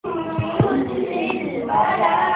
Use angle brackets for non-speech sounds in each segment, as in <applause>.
Tudo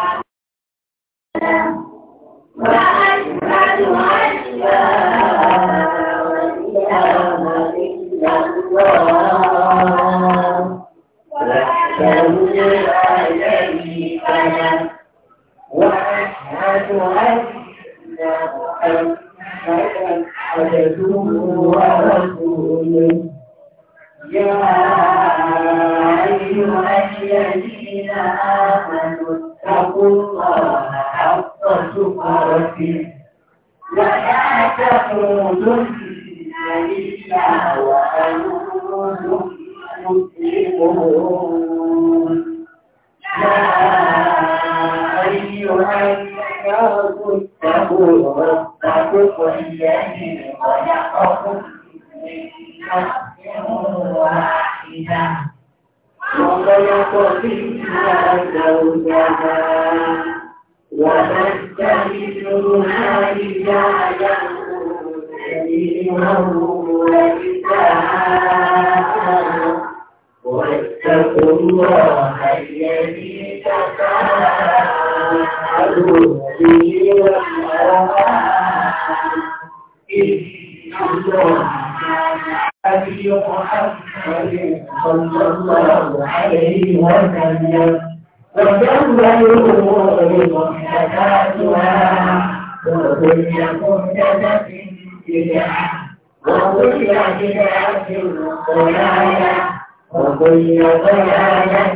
وكل ضلالة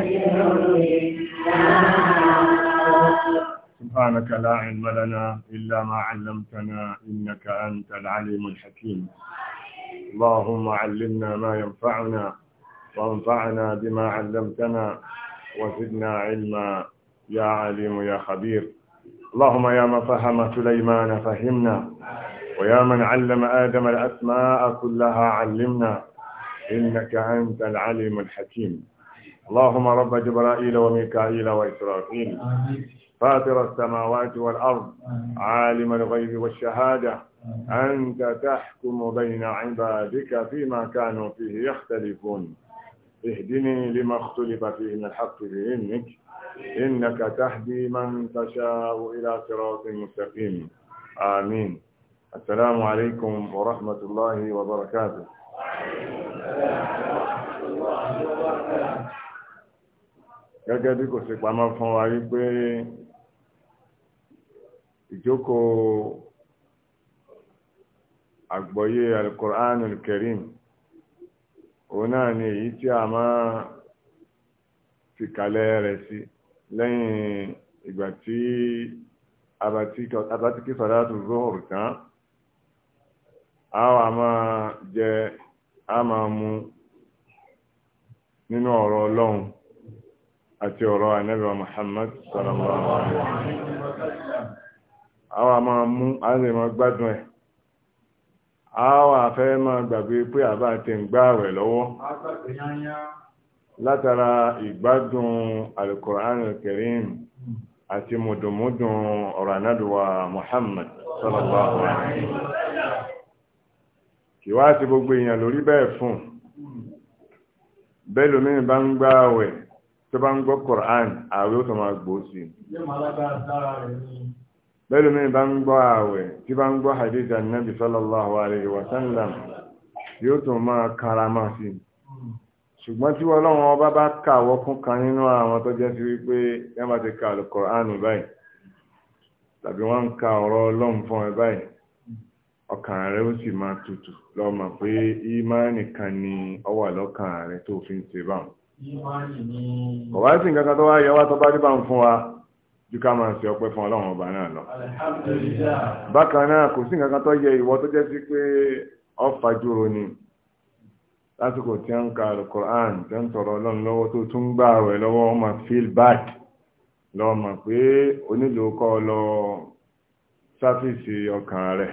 سبحانك لا علم لنا إلا ما علمتنا إنك أنت العليم الحكيم اللهم علمنا ما ينفعنا وانفعنا بما علمتنا وزدنا علما يا عليم يا خبير اللهم يا من فهم سليمان فهمنا ويا من علم آدم الأسماء كلها علمنا إنك أنت العليم الحكيم اللهم رب جبرائيل وميكائيل وإسرافيل فاطر السماوات والأرض عالم الغيب والشهادة أنت تحكم بين عبادك فيما كانوا فيه يختلفون اهدني لما اختلف فيه من الحق بإذنك إنك تهدي من تشاء إلى صراط مستقيم آمين السلام عليكم ورحمة الله وبركاته gẹ́gẹ́ bí kò sí pamọ́ fún wa wípé ìjókòó àgbọ́yé alukur'an alukarim òun náà ni èyí tí a máa fi kalẹ̀ rẹ̀ sí lẹ́yìn ìgbà tí abatíkí sọ̀dátù zuhur tán a wà máa jẹ a máa mu nínú ọ̀rọ̀ ọlọ́run àti ọ̀rọ̀ ànẹ́bẹ̀ Muhammad sallallahu alaihi wasallam àwọn àmà mú àrẹ mọ́ gbádùn ẹ̀ àwọn àfẹ́ máa gbàgbé pé àbá ti ń gbá rẹ̀ lọ́wọ́ látara ìgbádùn Al-Qur'an Al-Karim àti tó bá ń gbọ́ Quran ààwẹ̀ tó máa gbó sí bẹ́ẹ̀ mi bá ń gbọ́ ààwẹ̀ tí bá ń gbọ́ hadith annabi sallallahu alayhi wa sallam yóò tó máa karama sí hmm. ṣùgbọ́n tí wọ́n lọ́wọ́ bá kàwọ́ kún kan nínú àwọn tó jẹ́ sí wípé yẹn bá ti báyìí tàbí wọ́n ń ka ọ̀rọ̀ fún ẹ báyìí ọkàn rẹ ó sì máa kò wá sí nǹkan tó wá yọ wá tó bá rí bá ń fún wa ju ká máa ṣe ọpẹ́ fún ọlọ́run ọba náà lọ bákan náà kò sí nǹkan kan tó yẹ ìwọ tó jẹ́ sí pé ọfà jùrò ni lásìkò tí a ń ka alukoran tí a ń tọrọ ọlọ́run lọ́wọ́ tó tún gbà rẹ̀ lọ́wọ́ wọ́n máa feel bad lọ́ọ́ mọ̀ pé onílò kọ́ lọ sáfíìsì ọkàn rẹ̀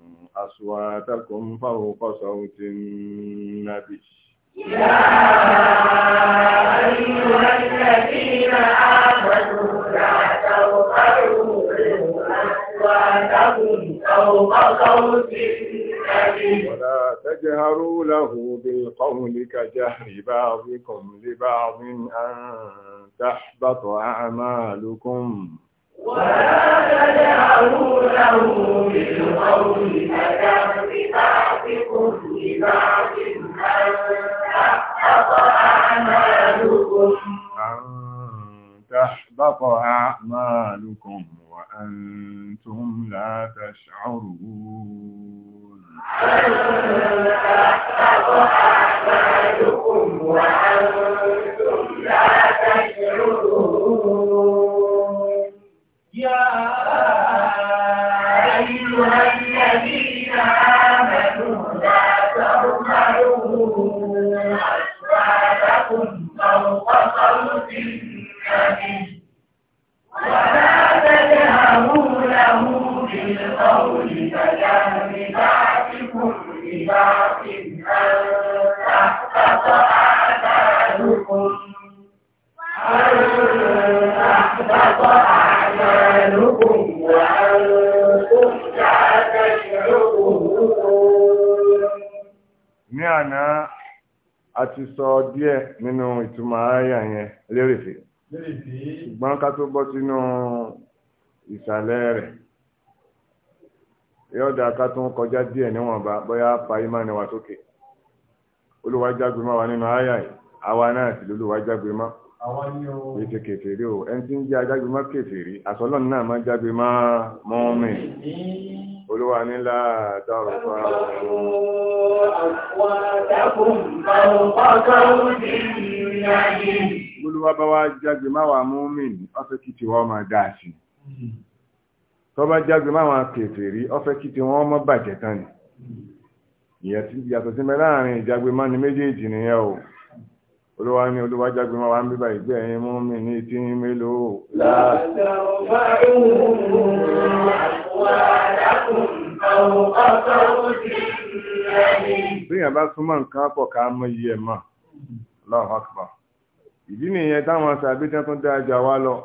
أصواتكم فوق صوت النبي يا أيها الذين آمنوا لا ترفعوا أصواتكم فوق صوت النبي ولا تجهروا له بالقول كجهر بعضكم لبعض أن تحبط أعمالكم ولا تدعوا له بالقول فكم ببعضكم لبعض أن تحبط أعمالكم وأنتم لا تشعرون تحبط أعمالكم وأنتم لا تشعرون يا أيها الذين آمنوا لا ترفعوا أصواتكم فوق صوت النبي ولا تجهروا له بالقول فجهر بعضكم لبعض أن تحبط àná a ti sọ díẹ̀ nínú ìtumọ̀ àyà yẹn lérèfé ṣùgbọ́n ká tó bọ́ sínú ìsàlẹ̀ rẹ̀ yọ̀dà ká tó ń kọjá díẹ̀ níwọ̀nba bóyá pa ìmánì wa sókè olùwájágbe máa wà nínú àyà yìí àwa náà sì lolùwájágbe máa ètè kèfèrí o ẹni tí ń jẹ́ ajágbe máa kèfèrí àsọlọ́nù náà máa jágbe máa mọ́ọ́mì olúwa nílá dárò fáwọn ọmọ لكم فوق كرب اليمين Olúwa bá wá jágbe máwàá múmin, ó fẹ́ kí tiwọn máa dáa sí. Tó bá jágbe máwàá kèfèrí, ó fẹ́ kí tiwọn máa bàjẹ́ tán ni. Ìyẹn tí yàtọ̀ sí mẹ́ láàrin ìjágbe máa ní méjèèjì nìyẹn o. Olúwa ní Olúwa jágbe máwàá ń bíbá ìgbé ẹ̀yin múmin ní tí ń mélòó. Láàrín bíyàn bá súnmọ́ nǹkan pọ̀ ká mọ iye ẹ̀ mọ́ Allahu Akbar ìdí nìyẹn táwọn sàbíjẹ́ tó dá ajá wa lọ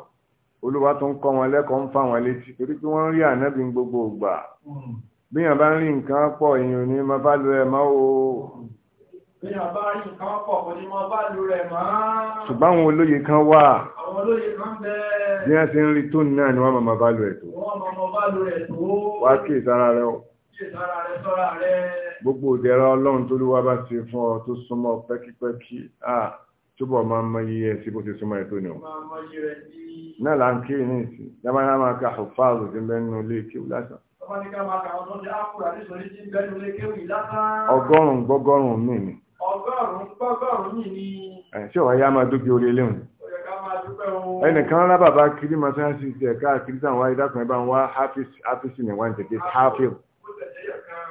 olúwa tó ń kọ́ wọn lẹ́kọ̀ọ́ ń fà wọn létí torí pé wọ́n rí ànábì gbogbo ògbà bíyàn bá ń rí nǹkan pọ̀ èèyàn ní ma bá lo ẹ̀ mọ́ o bíyàn bá rí nǹkan pọ̀ kò ní ma bá lo rẹ̀ mọ́ ṣùgbọ́n àwọn olóye kan wà àwọn olóye kan bẹ́ẹ̀ bí wọ́n ti ń rí tó náà ni wọ́n máa bá lo ẹ̀ tó wọ́n máa bá lo ẹ̀ tó wá kí ìsara rẹ̀ o Gbogbo ìdẹ̀ra ọlọ́run tó lúwa bá ti fún ọ tó súnmọ́ pẹ́kípẹ́kí, à túbọ̀ máa mọ iye ẹ̀ sí bó ti súnmọ́ ètò ni ọ. Náà là ń kí ní ìsìn, dábàá náà máa ka ọ̀fáàlù sí mẹ́nu ilé kéwù lásán. Ọgọ́rùn-ún gbọ́gọ́rùn-ún mi ni. Ọgọ́rùn-ún gbọ́gọ́rùn-ún mi ni. Ṣé ọ̀wá yá máa dúpẹ́ orí eléhùn? ẹnìkan rá bàbá kiri masáyásí ẹ̀ka kiri sáwọn wáyé dákùnrin bá ń wá hafiz hafiz ní wáńtẹ̀kẹ́ hafiz.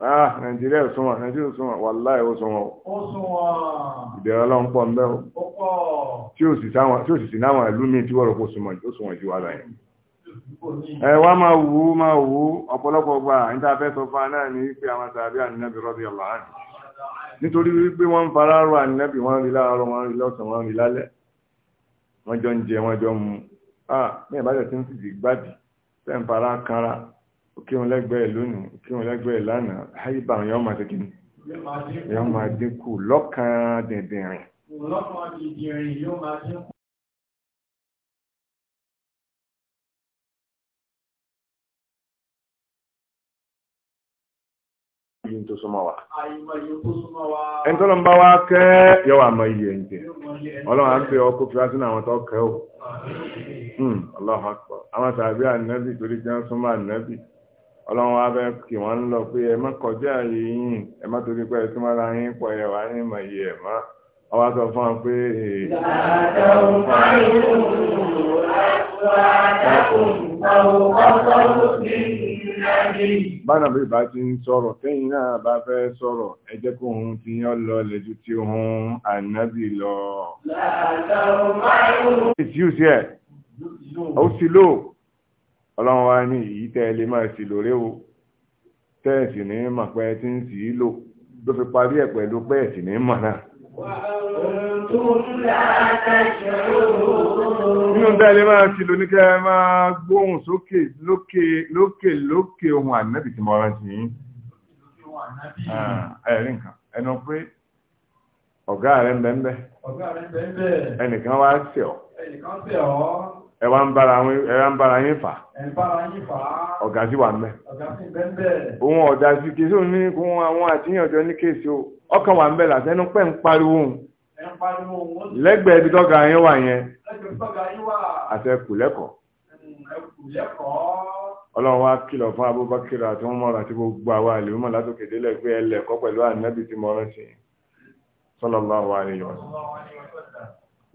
ah nàìjíríà súnmọ́ o súnmọ́ wàláì ó súnmọ́ ó súnmọ́ ìdẹ̀rọ ọlọ́run pọ̀ ń bẹ́ o tí ó sì sí náwọn ìlú mi tí wọ́n rò kó súnmọ́ ó súnmọ́ ìjú wàlá yẹn ẹ wá máa wù ú máa wù ú ọ̀pọ̀lọpọ̀ gba níta fẹ́ sọ fún aná ní pé àwọn tàbí ànínábì rọ́bì ọ̀là hàn nítorí wípé wọ́n ń fara rọ ànínábì wọ́n rí láàárọ̀ wọ́n rí lọ́sàn wọ́n rí lálẹ́ wọ́n jọ ń jẹ wọ́n jọ ń mu ah bí ẹ̀ bá jẹ́ tí ń fìdí gbàdì tẹ́ ń fara kanra kí wọn lẹ́gbẹ̀ẹ́ lónìí kí wọn lẹ́gbẹ̀ẹ́ lánàá háyíbà yọ́ máa tẹ́kì ní yọ́ máa dínkù lọ́kàn dìndìnrìn lọ́kàn yìí tó súnmọ́ wa. ẹni tó bá kẹ́ iye ọlọ́run ń sínú àwọn tó kẹ́ ò. Hmm, àwọn torí jẹ́ súnmọ́ ọlọ́run wa bẹ́ kí wọ́n ń lọ pé ẹ kọjá ààyè yín ẹ má torí pé ẹtún mára yín pọ̀ ẹ ní ìmọ̀ yìí ẹ̀ ọwọ́ sọ fún wa pé. àdàwọ̀ bánà bí bá ti ń sọ̀rọ̀ tẹ́yìn náà bá fẹ́ sọ̀rọ̀ ẹ jẹ́ kó ohun ti yán lọ lẹ́jú tí ohun ànábì lọ. ìtì ó sì ẹ̀ ó sì lò ọlọ́run wá ní èyí tẹ́ ẹ lè máa sì lóore o tẹ́ ẹ sì ní mọ̀ pé ẹ ti ń sì í lò ló fi parí ẹ̀ pẹ̀lú pé ẹ sì ní mọ̀ náà. Nínú tẹ́ ẹ lè máa sì lò ní kẹ́ ẹ máa gbóhùn sókè lókè lókè lókè ohun ànábì tí mo rántí yín. Ẹ̀rí nǹkan ẹnu pé ọ̀gá rẹ̀ ń bẹ́ńbẹ́. Ẹnìkan wá sí ọ. Ẹnìkan sí ọ ẹ wá ń bára ẹ wá ń bára yín fà. ọ̀gá sí wà mẹ́. òun ọ̀dà sí kí sóun ní kó wọn àwọn àtìyàn ọjọ́ ní kéèsì o ọkàn wà ń bẹ̀ làtẹ́nu pẹ́ ń pariwo òun. lẹ́gbẹ̀ẹ́ ibi tọ́ga yín wà yẹn. àtẹkù lẹ́kọ̀ọ́. ọlọ́run wá kìlọ̀ fún Abubakar àti wọn mọ̀ra tí gbogbo àwa àlè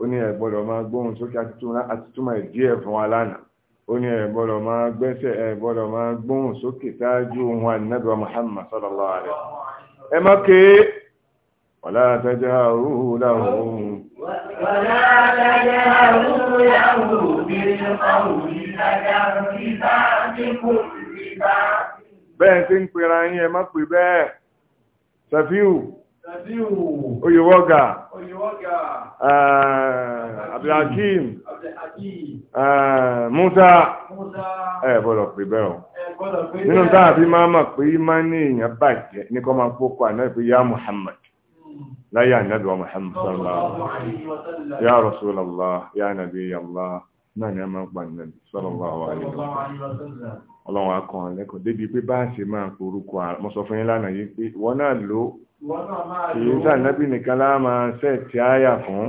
ó ní ẹ gbọ́dọ̀ máa gbóhùn sókè àti ìdíẹ̀ fún wa ó ní ẹ máa gbẹ́sẹ̀ ẹ máa gbóhùn sókè táájú ohun ànábì Muhammad sallallahu alaihi ẹ má ké wala tajharu lahu wala bẹ́ẹ̀ tí ń pera yín ẹ má pè bẹ́ẹ̀ Safiu Oyèwọ́gà. Oyèwọ́gà. Eh, Abdulhakeem. Abdulhakeem. Eh, Musa. Musa. Eh, ẹ bọ́dọ̀ pé bẹ́ẹ̀ o. Nínú táà fi máa mọ̀ pé máa ní èèyàn bàjẹ́ ní kọ́ máa kókó àná ìpé yá Muhammad. Hmm. Láyé ànábì wa Muhammad sallallahu alayhi wa Yá Rasulallah, yá Nabi Allah, náà ni a máa ń pa nàbí sallallahu alayhi wa sallam. Ọlọ́run akọ̀ọ̀lẹ́kọ̀ọ́ débi pé bá a ṣe máa korúkọ, mo sọ fún yín lánàá yìí pé wọ́n náà lò kìí sá nábì nìkan lá máa sẹ́ẹ̀tì áyà fún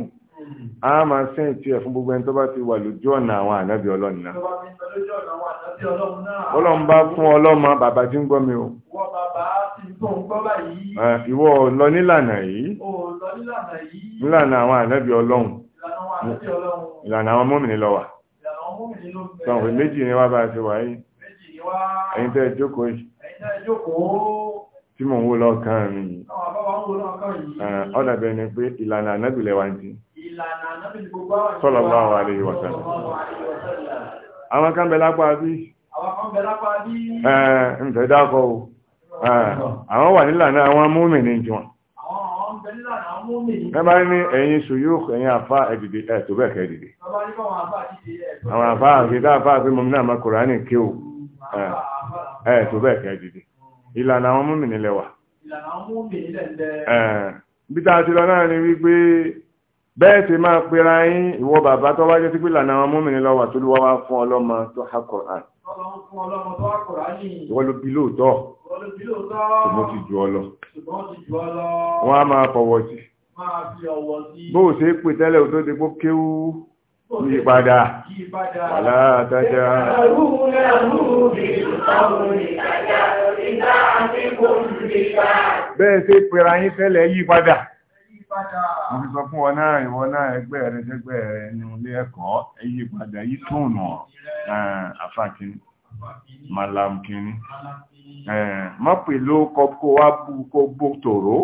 á máa sẹ́ẹ̀tì ẹ̀ fún gbogbo ẹni tó bá ti wà lójú ọ̀nà àwọn ànábì ọlọ́run náà ọlọ́run bá fún ọlọ́mọ bàbá tí ń gbọ́ mi o ìwọ lọ nílànà yìí nílànà àwọn ànábì ọlọ́run ìlànà àwọn mọ́mìnì lọ wà sọ̀rọ̀ méjì ni wá bá ti wà yìí ẹ̀yin tẹ́ jókòó tí mò ń wó lọ́kàn mi ọ̀dàbẹ̀ ni pé ìlànà ànábìlẹ̀ wa ti sallallahu alaihi wa sallam àwọn kan bẹ lápá bí ǹfẹ̀ dákọ̀ o àwọn wà nílànà àwọn mùmínì ní tiwọn ẹ bá ní ẹ̀yin sùúrù ẹ̀yin àfá ẹ̀dìdì ẹ̀ tó bẹ̀ kẹ́dìdì àwọn àfá àfi dáfá àfi mọ̀mí náà mọ́ kùránì kí o ẹ̀ tó bẹ̀ kẹ́dìdì ìlànà àwọn múmìnì lẹ́wà bí tá ti lọ náà ni wípé bẹ́ẹ̀ ti máa pera yín ìwọ bàbá tó wájẹ́ sí pé ìlànà àwọn múmìnì lọ́wà tó lówá wá fún ọlọ́mọ tó há Kùránì ìwọ ló bí lóòótọ́ ṣùgbọ́n ti ju ọ lọ wọ́n á máa fọwọ́ sí bó o yípadà wàlá àtàjà bẹ́ẹ̀ tí pèrà yín tẹ́lẹ̀ yípadà mo fi sọ fún wọn náà ìwọ náà ẹgbẹ́ rẹ jẹ́gbẹ́ rẹ ní ilé ẹ̀kọ́ yípadà yí túnù àfàkíní malamkini mọ́ pẹ̀lú kọ́kọ́ wá bú kó bó tòró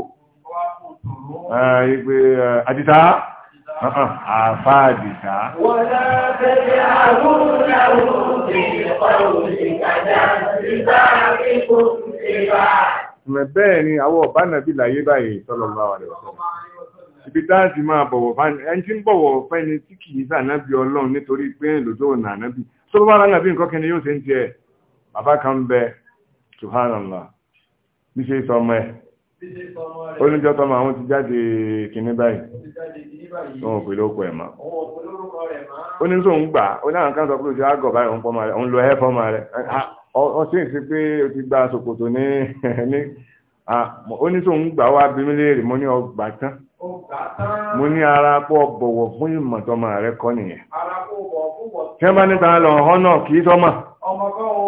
<laughs> àfáàdìsá. Wọ́lá bẹ̀rẹ̀ àwúrẹ́wò ní ọ̀rùn ìgbàjá ìgbà kíkó ìgbà. Bẹ́ẹ̀ ni àwọn ọ̀bá nàbí láyé báyìí sallallahu alaihi wasallam. Ibi tá a ti máa bọ̀wọ̀ fáni, ẹni tí ń bọ̀wọ̀ fẹ́ni tí kì í sànábì ọlọ́run nítorí pé lòdó ọ̀nà ànábì. Tó bá rán nàbí nǹkan kẹni yóò ṣe ń tiẹ̀, bàbá kan bẹ, subhanallah, níṣẹ́ sọmọ ẹ̀, ó ní ma àwọn ti jáde kìíní báyìí wọn ò pè lóko ó ní sóun gbà ó ní àwọn sọ pé o ti àgọ̀ báyìí òun rẹ̀ òun lọ ẹ́ gba ní ó ní sóun gbà wá mo ní ọgbà mo ní ara pọ̀ bọ̀wọ̀ fún ìmọ̀tọ́mọ rẹ̀ kọ́ nìyẹn bá níta kì í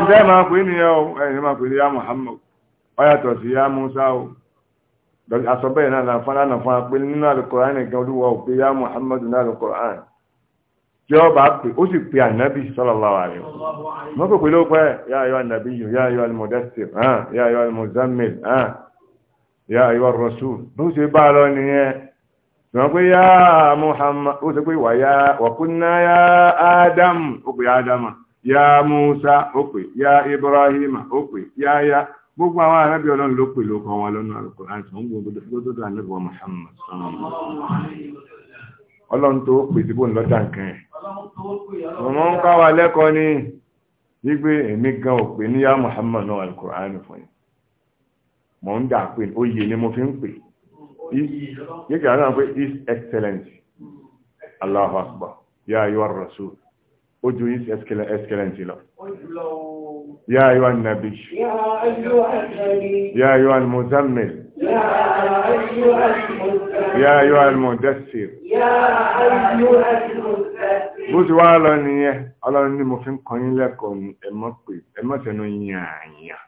Ǹjẹ́ ma pè ní ẹ o, ya Muhammad, ọ yàtọ̀ sí ya Musa o. Àsọ̀bẹ̀yìn náà náà fọ́nà na fọ́nà pé nínú Al-Qur'an nìkan olúwa ya Muhammad nínú al Tí ọ bá pè, ó sì pè ànábì ya ayyuha an-nabiyyu, ya ya ayyuha Bó ṣe bá lọ wọ́n pé ya Muhammad ó sọ wa wà yá wàkúnná ya Adam ó pè Adama Musa ó pè yá Ibrahima ó pè ya gbogbo àwọn arábí ọlọ́run ló pè lókọ wọn lọ́nà àti wọn gbogbo lódòdó ànábì wa Muhammad ọlọ́run tó pè síbò ń lọ́jà nǹkan ẹ̀ ọmọ ń ká wa lẹ́kọ̀ọ́ Muhammad náà mọ̀ ń dà pé ó ni mo fi ń yake ana pé his excellency Allahu akbar ya ayyuhar rasul ó ju his excellency lọ ya ayyuhan nabi ya ayyuhal muzammil ya ayyuhal mudaththir bó ti wá lọ nìyẹn ọlọ́run ní mo fi ń kọyín lẹ́kọ̀ọ́ ẹ̀mọ́ pé ẹ̀mọ́ tẹnu yàn yàn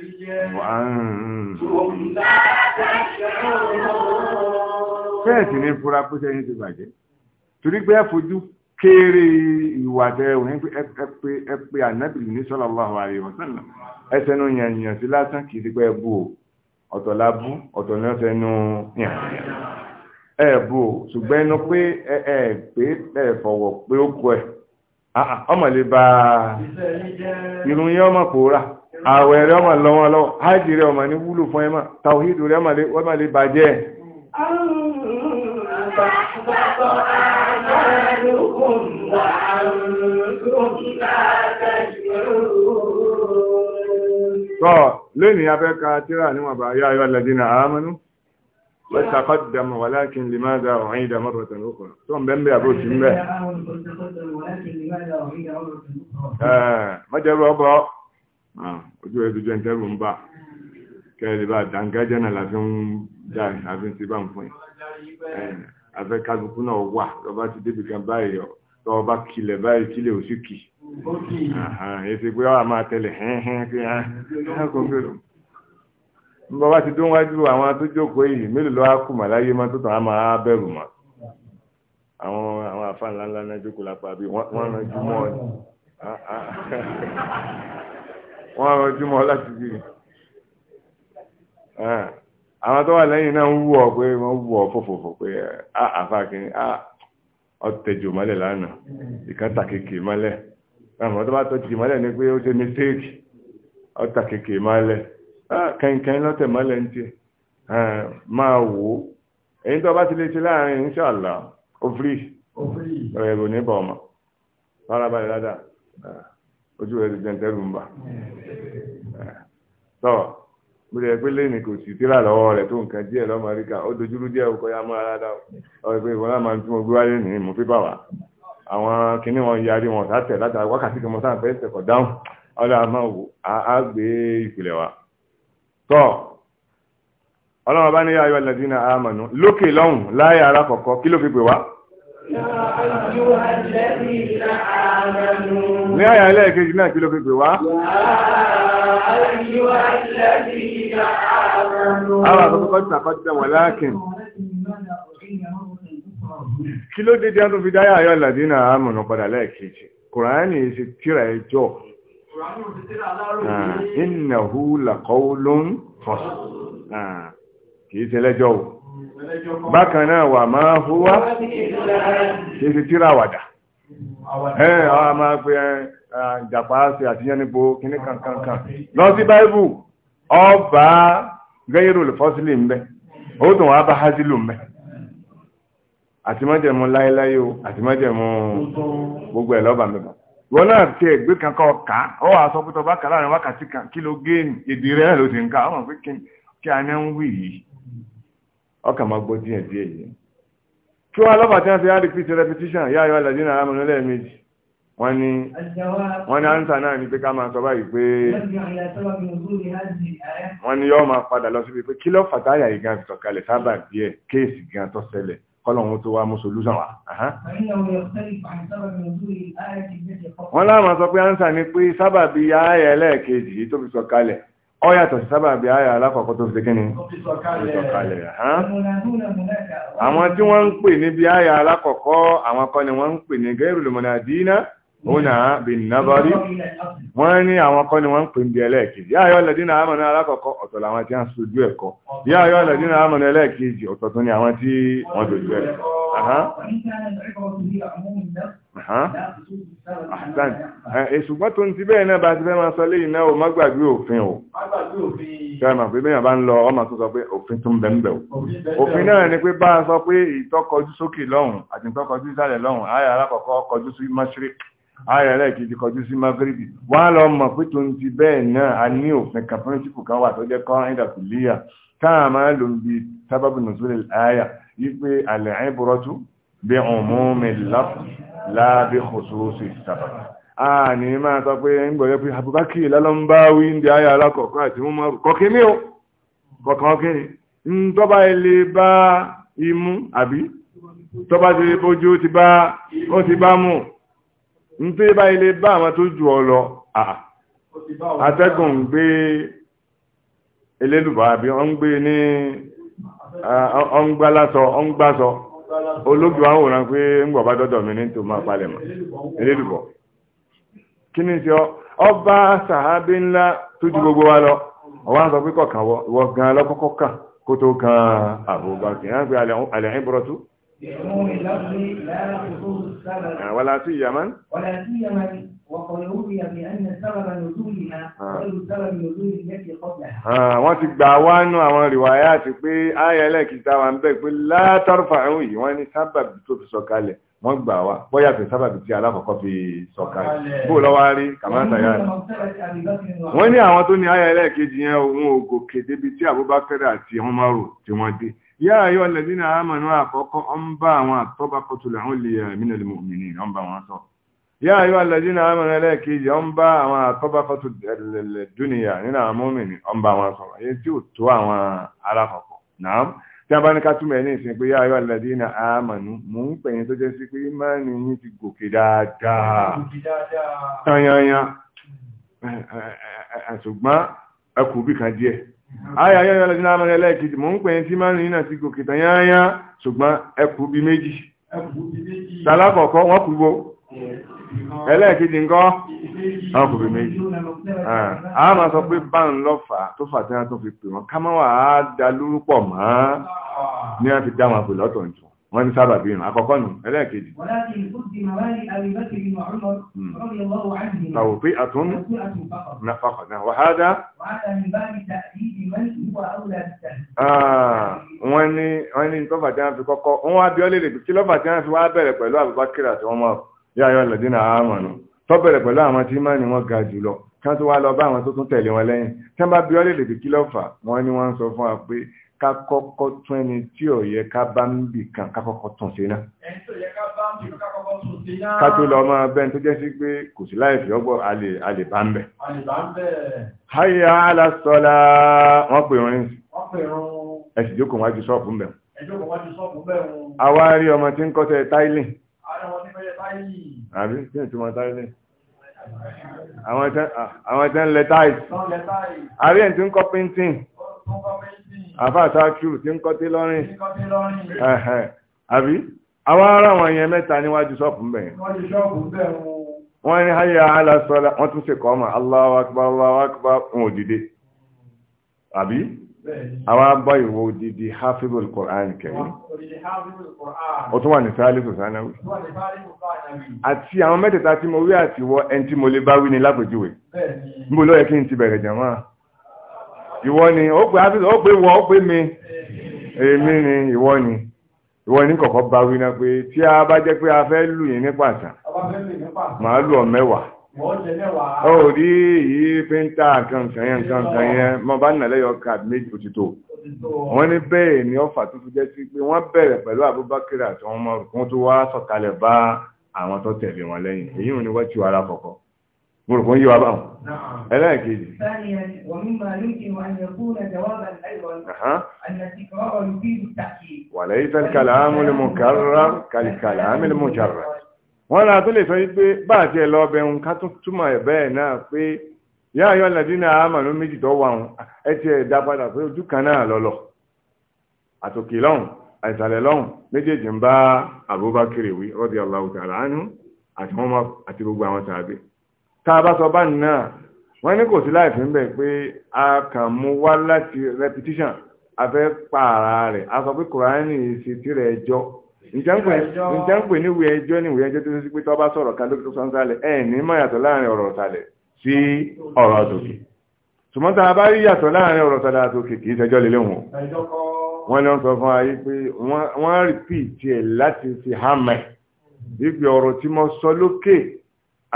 bẹ́ẹ̀ sì ni fura pé sẹ́yìn ti bàjẹ́ torí pé ẹ fojú kéré ìwà tẹ́wọ̀ ní ẹ pé ànábì ní sallallahu alaihi wasallam ẹsẹ̀ nù yànyàn sí lásán kì í ti pé ẹ bú o ọ̀tọ̀ la bú ọ̀tọ̀ ní ọ̀sẹ̀ nù yànyàn ẹ bú o ṣùgbọ́n ẹnu pé ẹ pé ẹ fọwọ́ pé ó kú ẹ ọmọ lè ba irun yẹn ọmọ kò rà. àwẹ̀ rẹ̀ ọmọ lọ́wọ́ lọ́wọ́ hajj ọmọ ní wúlò fún ẹmà tàwíìdù rẹ̀ ọmọ lè bàjẹ́ Rọ̀ lónìí afẹ́ka tíra níwọ̀n bá yá ayọ́ lẹ́dínà àmánú, وتقدم ولكن ojú ẹ̀ tó jẹ́ ń tẹ́rù ń bà kẹ́lẹ̀ bá dàngájẹ́ náà la fi ń dà àfi ti bá ń fún ẹ̀ afẹ́ kálukú náà wà lọ́ba ti débi kan báyìí lọ́ba kilẹ̀ báyìí kílẹ̀ ò sí kì èsì pé wàá máa tẹ̀lé hẹ́hẹ́n kí á kò fèrò bọ́ba ti dún wájú àwọn tó jókòó yìí mélòó lọ́wọ́ kù mà láyé má tó tàn á máa bẹ̀rù mà àwọn àwọn afáàlá ńlá náà jókòó lápá bí wọ́n rán jùmọ̀ ọ́ wọ́n rọjúmọ́ láti bí àwọn tó wà lẹ́yìn náà ń wù ọ́ pé wọ́n fòfòfò pé àfàkín ọ̀tẹ̀jò mọ́lẹ̀ lánàá ìkàtà mọ́lẹ̀ àwọn tó bá tọ́jú mọ́lẹ̀ ni pé ó ṣe mistake mọ́lẹ̀ lọ́tẹ̀ mọ́lẹ̀ ń máa wò ó èyí tó bá ti lè ṣe láàrin ọ̀rẹ́ ìbò farabalẹ̀ dáadáa. ojú rẹ̀ ti jẹ́ntẹ́rù ń bà. tọ́ bí ẹ pé lẹ́yìn kò sì tíra lọ́wọ́ rẹ̀ tó nǹkan díẹ̀ lọ́mọ àríkà ó dojúrú díẹ̀ ó kọ́yá mọ́ ara dá ọ pé ìwọ́n náà máa ń tún ogún wáyé ní mú pépà wá àwọn kinní wọn yarí wọn sátẹ̀ látara wákàtí kan mọ́ sáà fẹ́ tẹ̀kọ̀ dáhùn ọ̀dọ̀ àmọ́ á gbé ìpìlẹ̀ wa. tọ́ ọlọ́run bá ní yáyọ lẹ́dínà àmọ̀nù lókè lọ́hùn láyé alákọ̀ọ́kọ́ kí ló fi pè wá ní àyà ẹlẹ́ẹ̀kejì náà kí ló pèpè wá. àwọn àkọ́kọ́ tí àkọ́jọ́ wọ̀ láàkín kí ló dédé tó fi dáyà ayọ́ ìlàdínà àmọ̀nà padà lẹ́ẹ̀kejì kùránì ṣe tíra ẹjọ́ ah, innahu laqawlun fasl ah, kìí ṣe lẹ́jọ́ bákan náà wà máa húwá ṣeṣe tíráwàdà ẹ̀ẹ́n àwọn máa pe ìjàpá ṣe àtijọ́ nípo kíní kankankan lọ sí báíbù ọba gẹ́yẹ̀rò lè fọ́sílì ń bẹ ó dùn wá bá hásílù ń bẹ àtìmọ́jẹ̀mú láéláé o àtìmọ́jẹ̀mú gbogbo ẹ̀ lọ́ba mẹ́bàá wọ́n náà tí ẹgbẹ́ kankan ọ̀ká ọ wà sọ pé tọba kàláàrin wákàtí kan kí ló gé èdè rẹ̀ ló ti ń ká ọmọ pé kí a ní ń wì yìí ọkà máa gbọ́ díẹ̀ díẹ̀ yìí kí wọ́n lọ́pàá tí wọ́n fi á repeat repetition yá ayọ́ àlàjì náà àmọ́ lẹ́ẹ̀mejì wọ́n ní wọ́n ní áńsà náà ní pé ká máa sọ báyìí pé wọ́n ní yọ́ máa padà lọ síbi pé kí ló fàtáyà yìí gan sọ̀kalẹ̀ sábà díẹ̀ kéèsì gan tó ṣẹlẹ̀ kọ́lọ̀hún tó wá mú solúsàn wá. wọ́n láwọn sọ pé áńsà ni pé sábà bíi ayẹyẹ lẹ́ẹ̀kejì tó fi sọ̀kalẹ̀ ọ yàtọ̀ sí sábàbí ayà alákọ̀ọ́kọ́ tó fi kíni àwọn tí wọ́n ń pè níbi ayà alákọ̀ọ́kọ́ àwọn kọ́ ni wọ́n ń pè ní gẹ́rù dínà ònà bìnnàbọ́rí wọ́n ní àwọn ni wọ́n ń pè níbi ẹlẹ́ẹ̀kejì ṣùgbọ́n tó ń ti bẹ́ẹ̀ náà bá ti fẹ́ máa sọ léyìn náà o má gbàgbé òfin o ṣẹ́mà pé bẹ́yàn bá ń lọ ọmọ tó sọ pé òfin tó ń bẹ̀ ń bẹ̀ o òfin náà ni pé bá a sọ pé ìtọ́kọjú sókè lọ́hùn àti ìtọ́kọjú ìsàlẹ̀ lọ́hùn ayà alákọ̀ọ́kọ́ kọjú sí mashrik ayà ẹlẹ́ẹ̀kejì kọjú sí magrebi wọ́n á lọ mọ̀ pé wípé al-ibratu bi umumil lafz la bi khususis sabab a ní máa sọ pé ń gbọ́dọ̀ pé Abubakar lọ́lọ́mbáwí ń di ayé alákọ̀ọ́kọ́ àti wọ́n máa kọ́kí ní o kọ̀kan kí ni ń tọ́ba ilé bá imú àbí tọ́ba ti bójú ó ti bá mú ń tó bá ilé bá àwọn tó jù ọ lọ àtẹ́gùn ń gbé elélùbá àbí wọ́n ń gbé ní ọ̀ngbálásọ ọ̀ngbásọ olóògbé wa ń wòran pé ńgbọ̀ bá dọ́dọ̀ mi ní tó máa palẹ̀ mọ́ elédùbọ̀ kí ni sọ ọba sàhábí ńlá tó ju gbogbo wa lọ ọwọ́ àṣọ pé kọ̀ọ̀kan wọ ìwọ gan lọ́kọ́kọ́ kà kó tó kan àbúgbàkì náà pé àlẹ́ ìbọ̀rọ̀ tú. wàlá sí ìyàmán. wàlá sí ìyàmán. وقد روي بأن سبب نزولها غير سبب نزول التي قبلها. wọ́n ti gbà wá nú àwọn rìwáyà àti pé ayé ẹlẹ́kìtà wà ń bẹ̀ pé látọ́rọ̀fà àwọn yìí wọ́n ní sábàbí tó fi sọ̀kalẹ̀ wọ́n gbà wá bóyá tẹ̀ sábàbí tí alákọ̀ọ́kọ́ fi sọ̀kalẹ̀ bó lọ́wọ́ rí kàmáńtà yára. wọ́n ní àwọn tó ní ayé ẹlẹ́kejì yẹn òun ò gòkè débi tí Abubakar àti Umaru tí wọ́n dé yá ayọ́ alladhina amanu àkọ́kọ́ ọ́n yá ayọ́ alẹ́dí náà mọ̀ ẹlẹ́ẹ̀kejì ọ ń bá àwọn àkọ́bá fọ́tò dúnìyà nínú àwọn mọ́mìnì ọ ń bá wọn sọ̀rọ̀ èyí tí ò tó àwọn alákọ̀ọ́kọ́ náà tí a bá ní ká túmọ̀ ẹ̀ ní ìsìn pé yá ayọ́ alẹ́dí náà àmọ̀nù mò ń pẹ̀yìn tó jẹ́ sí pé máa ní ti gòkè dáadáa tanyanyan ṣùgbọ́n ẹ kù bí kan díẹ̀ ayé ayọ́ alẹ́dí náà mọ̀ ẹlẹ́ẹ̀kejì mò ń pẹ̀yìn tí máa ti gòkè tanyanyan ṣùgbọ́n ẹ kù bí méjì tàlákọ̀ọ́kọ́ wọ́n ẹlẹ́ẹ̀kejì ńkọ́ ọkùnrin méjì a máa sọ pé báwọn lọ́fà tó fà tí wọ́n tó fi pè wọ́n ká máa wà á da lórúpọ̀ mọ́ ní wọ́n fi dá wọn pè lọ́tọ̀ jù wọ́n ní sábà bí irun àkọ́kọ́ nù ẹlẹ́ẹ̀kejì. Hmm. tàwùfí àtún nàfàkọ̀ náà wàhádá. wọ́n ní tọ́fà tí wọ́n fi kọ́kọ́ wọ́n wá bí ọ́ lè rè kí lọ́fà tí wọ́n fi wá bẹ̀rẹ̀ pẹ̀lú Abubakar àti ọmọ rẹ̀ yá ayọ́ lẹ́dínà àmọ̀nù tó bẹ̀rẹ̀ pẹ̀lú àwọn tí máa ní wọ́n ga jùlọ ká tó wá lọ bá àwọn tó tún tẹ̀lé wọn lẹ́yìn tí wọ́n bá bí ọ́lẹ̀ lèdè kí wọ́n ní wọ́n ń sọ fún wa pé ká kọ́kọ́ tún ẹni tí ò yẹ ká bá ń bì kan ká kọ́kọ́ tún sí náà. ká tó lọ máa bẹ́ẹ̀ tó jẹ́ sí pé kò sí láì fi ọgbọ́ alè bá ń bẹ̀. háyà alásọ́lá wọ́n pè wọ́n ẹ̀sìn jókòó wájú ṣọ́ọ̀bù ń bẹ̀. àwa rí ọmọ tí ń kọ́ṣẹ́ àbí kí n túmọ̀ táyé lẹ́yìn àwọn tẹ́ ń lẹ táìsì àrí ẹ̀ tí ń kọ́ píntín àfáà sáàkìrù tí ń kọ́ tí lọ́rin àbí àwọn ará wọn yẹn mẹ́ta níwájú ṣọ́ọ̀pù ń bẹ̀ yẹn wọ́n ní hayya ala wọ́n tún ṣe kọ́ ọmọ Allahu akbar Allahu akbar wọn ò dìde àbí àwa gbọ́ ìwò òdìdí hafibul Qur'an kẹrin ó tún wà ní sálífù sanawi àti àwọn mẹ́tẹ̀ẹ̀ta tí mo wí àti wọ ẹni tí mo lè bá wí ní lápèjúwe níbo ló yẹ kí n ti bẹ̀rẹ̀ jàmáà ìwọ ni ó pè hafibul ó pè wọ ó pè mi èmi ni ìwọ ni ìwọ ní kọ̀kọ́ bá wí náà pé tí a bá jẹ́ pé a fẹ́ lù yín ní pàtà màá lù ó rí èyí píńtà kankan yẹn kankan yẹn mo bá nà lẹ́yọ káàdì méjì òtítọ́ wọ́n ní bẹ́ẹ̀ ni ọ̀fà tó fi jẹ́ sí pé wọ́n bẹ̀rẹ̀ pẹ̀lú Abubakar àti wọn mọ̀ kí wọ́n tó wá sọ̀kalẹ̀ bá àwọn tó tẹ̀lé wọn lẹ́yìn èyí ò ní wọ́n ti wà lákọ̀ọ́kọ́ gbogbo yíwa bá wọn ẹlẹ́ẹ̀kejì wà lẹ́yìn tẹ́lẹ̀ kàlámù lè mú kàrà kàlìkàlámù lè mú jàrà wọ́n náà tó lè sọ wípé bá àti ẹ̀ lọ bẹ̀rùn ká tún túmọ̀ ẹ̀ bẹ́ẹ̀ náà pé yá ayọ́ ladínà àmàlú méjì tó wà wọn ẹ ti ẹ̀ dá padà pé ojú kan náà lọ́lọ́ àtòkè lọ́hùn àìsàlẹ̀ lọ́hùn méjèèjì ń bá Abubakar wí radiyallahu ta'ala anhu àti wọn àti gbogbo àwọn tàbí tá a bá sọ bá nìyà wọ́n ní kò sí láì fi pé a kàn mú wá láti repetition a fẹ́ pààrà rẹ̀ a sọ pé Kùránì ìsìtì rẹ̀ jọ ìjànpè ní ìwé ẹjọ́ ní ìwé ẹjọ́ tó ṣe pé tó bá sọ̀rọ̀ ká lókè tó sọ ń sálẹ̀ ẹ̀ ní mọ̀ yàtọ̀ láàrin ọ̀rọ̀ ọ̀tàlẹ̀ sí ọ̀rọ̀ àtòkè ṣùgbọ́n tá a bá rí yàtọ̀ láàrin ọ̀rọ̀ ọ̀tàlẹ̀ àtòkè kì í ṣẹjọ́ lélẹ̀ wọn wọ́n lọ sọ fún ayé pé wọ́n rìpíìtì ẹ̀ láti fi hàmẹ́ ibi ọ̀rọ̀ tí mo sọ lókè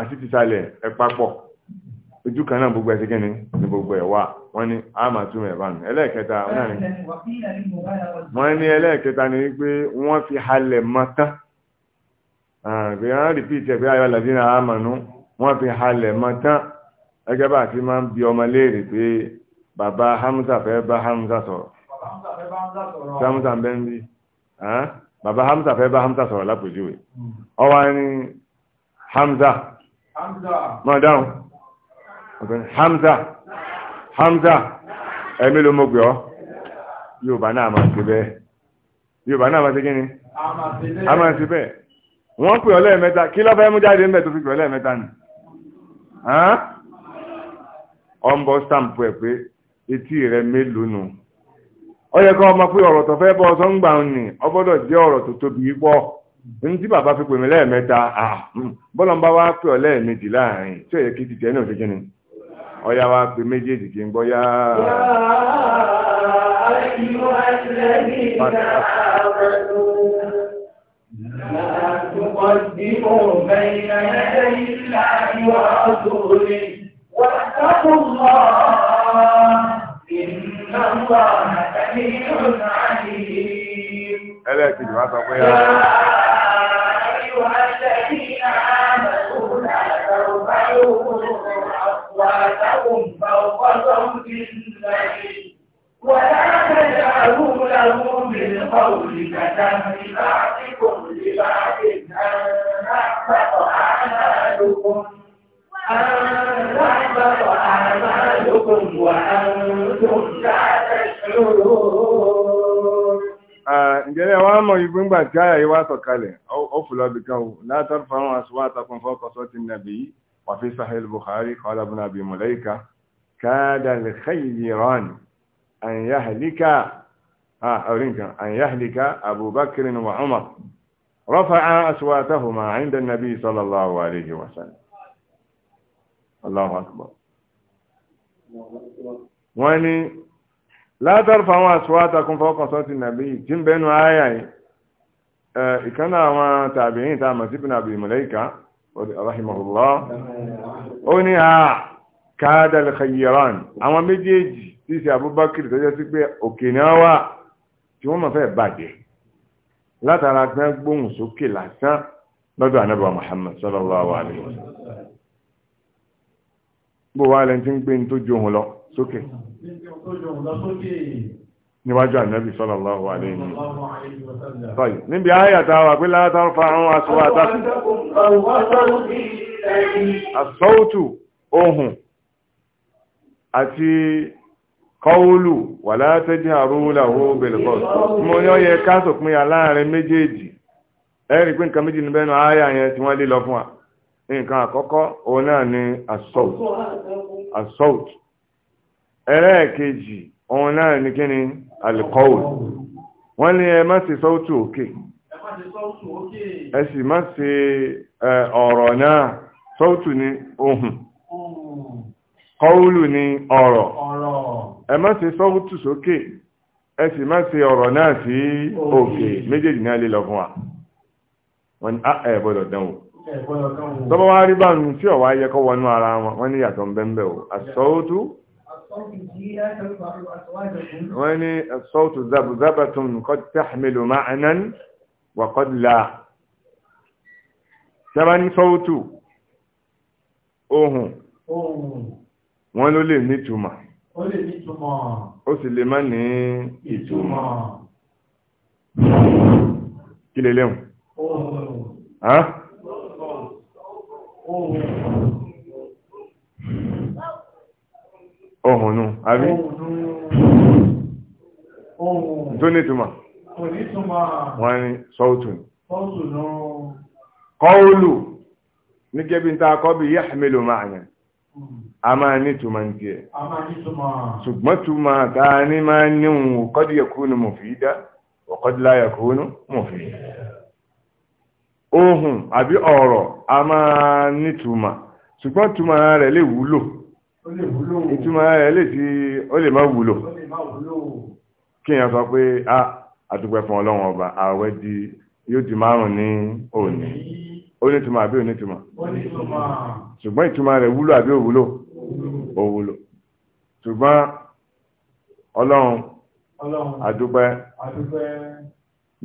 àti tìsàlẹ̀ ẹ̀ papọ̀ ojú kan náà gbogbo ẹ̀sìn kínní ní gbogbo ẹ̀ wà wọ́n ní àmà túmọ̀ ẹ̀ bánu ẹlẹ́ẹ̀kẹta wọ́n ní ẹlẹ́ẹ̀kẹta ni wípé wọ́n fi halẹ̀ mọ́ tán pé wọ́n rìpíìtì ẹ̀ pé ayọ̀ làbí náà àmà nú wọ́n fi halẹ̀ mọ́ tán ẹgẹ́ bá ti máa ń bi ọmọ léèrè pé bàbá Hamza fẹ́ bá Hamza sọ̀rọ̀ Hamza ń bẹ́ ń bí bàbá Hamza fẹ́ bá Hamza sọ̀rọ̀ lápòjúwe ọwọ́ ni Hamza mọ̀ dáhùn. Hamza Hamza ẹ̀mí ló mọ̀ pé ọ́ Yorùbá náà máa ṣe bẹ́ẹ̀ Yorùbá náà máa ṣe kí ni a máa ṣe bẹ́ẹ̀ wọ́n pè ọ́ lẹ́ẹ̀mẹ́ta kí ló fẹ́ mú jáde ńbẹ̀ tó fi pè ọ́ lẹ́ẹ̀mẹ́ta nì ọ̀nbọ̀ stamp ẹ̀ pé etí rẹ̀ mélòó nù ó yẹ kọ́ ọmọ pé ọ̀rọ̀ tó fẹ́ bọ́ ọsán gbà ń nì ó gbọ́dọ̀ jẹ́ ọ̀rọ̀ tó tóbi pọ̀ ní bàbá fi pè mí lẹ́ẹ̀mẹ́ta hmm. bọ́lọ̀ ń pè ọ́ lẹ́ẹ̀mejì láàrin tí ó yẹ kí tìtẹ́ náà ṣe kí ni ọ̀yá wa pé méjèèjì kí n gbọ́ yá. Ẹlẹ́ẹ̀kejì wá sọ pé yá. Ìwà ìṣẹ́yìn náà lọ́wọ́ náà lọ́wọ́ báyọ̀ wọ. تكن فوقهم في الليل ولا تجعلوا له بالقول كتم بعضكم لبعض أن تحبط أعمالكم أن تحبط أعمالكم وأنتم لا تشعرون ǹjẹ́ wa mọ̀ ibi ńgbà tí àyà yìí wá sọ̀kalẹ̀ ó fùlọ́ bìkan ò látọ̀rọ̀ fáwọn aṣọ àtàkùn fọ́kọ̀ sọ́tì nàbì yìí وفي صحيح البخاري قال ابن أبي مليكة كاد الخيران أن يهلك أن يهلك أبو بكر وعمر رفع أصواتهما عند النبي صلى الله عليه وسلم الله أكبر wọ́n لا ترفعوا fáwọn فوق صوت النبي sọ́tì nàbí tí ń تابعين ayáyí ابن أبي tàbí rahimahullah ó ní a káàdàlì khayyaran àwọn méjèèjì tí sí abúbákìrì tó jẹ́ sí pé òkè ní wá tí wọ́n mọ̀ fẹ́ bàjẹ́ látara tí wọ́n gbóhùn sókè lásán lọ́dọ̀ anábà Muhammad sallallahu alaihi wasallam gbogbo wa lẹ́ni tí ń gbé ní tó jóhun lọ sókè níwájú ànábì sallallahu alayhi wasallam níbi ayàtà wà pé látàrí fàárún aṣọ àtàkù asọ́ọ̀tù ohun àti kọ́ọ̀lù wà látẹ́jì àrúlàwó belfast nǹkan àkọ́kọ́ òun náà ni assault assault ẹlẹ́ẹ̀kejì òun náà ni kíni alkọ́wù wọ́n ní ẹ má ṣe sọ́ọ̀tù òkè ẹ sì má ṣe ọ̀rọ̀ náà sọ́ọ̀tù ni ohùn kọ́wùlù ni ọ̀rọ̀ ẹ má ṣe sọ́ọ̀tù sókè ẹ sì má ṣe ọ̀rọ̀ náà sí òkè méjèèjì náà lè lọ fún wa wọ́n ní ah, ẹ gbọ́dọ̀ dánwò tọ́bọ̀ wá rí bá nù tí ọ̀wá yẹ kọ́ wọnú ara wọn ní yàtọ̀ ń bẹ́ńbẹ́ o àsọ́ọ̀tù wọ́n ní sọ́ọ̀tù zabuzabatun qad tahmilu ma'nan wa qad la sábà ní sọ́ọ̀tù ohun wọ́n ló lè nítumọ̀ ó sì lè má ní ìtumọ̀ kí lè lẹ́hùn ohun ohun nù àbí tó ní túmọ̀ wọ́n ní sọ́ọ̀tù kọ́ọ̀lù ní gẹ́bí ń ta kọ́bí yahmilu ma'na a máa ní túmọ̀ ń tiẹ̀ ṣùgbọ́n túmọ̀ ta ní máa ní òun qad yakunu mufida wa qad la yakunu mufida ohun àbí ọ̀rọ̀ a máa ní túmọ̀ ṣùgbọ́n túmọ̀ rẹ̀ lè wúlò ìtumọ̀ ẹ̀ lè ti ó lè má wúlò kí èèyàn sọ pé ah, a àdúpẹ́ fún ọlọ́run ọba ààwẹ̀ di yóò di márùn ní òní onítùmọ̀ àbí onítùmọ̀ ṣùgbọ́n ìtumọ̀ rẹ̀ wúlò àbí òwúlò òwúlò ṣùgbọ́n ọlọ́run àdúpẹ́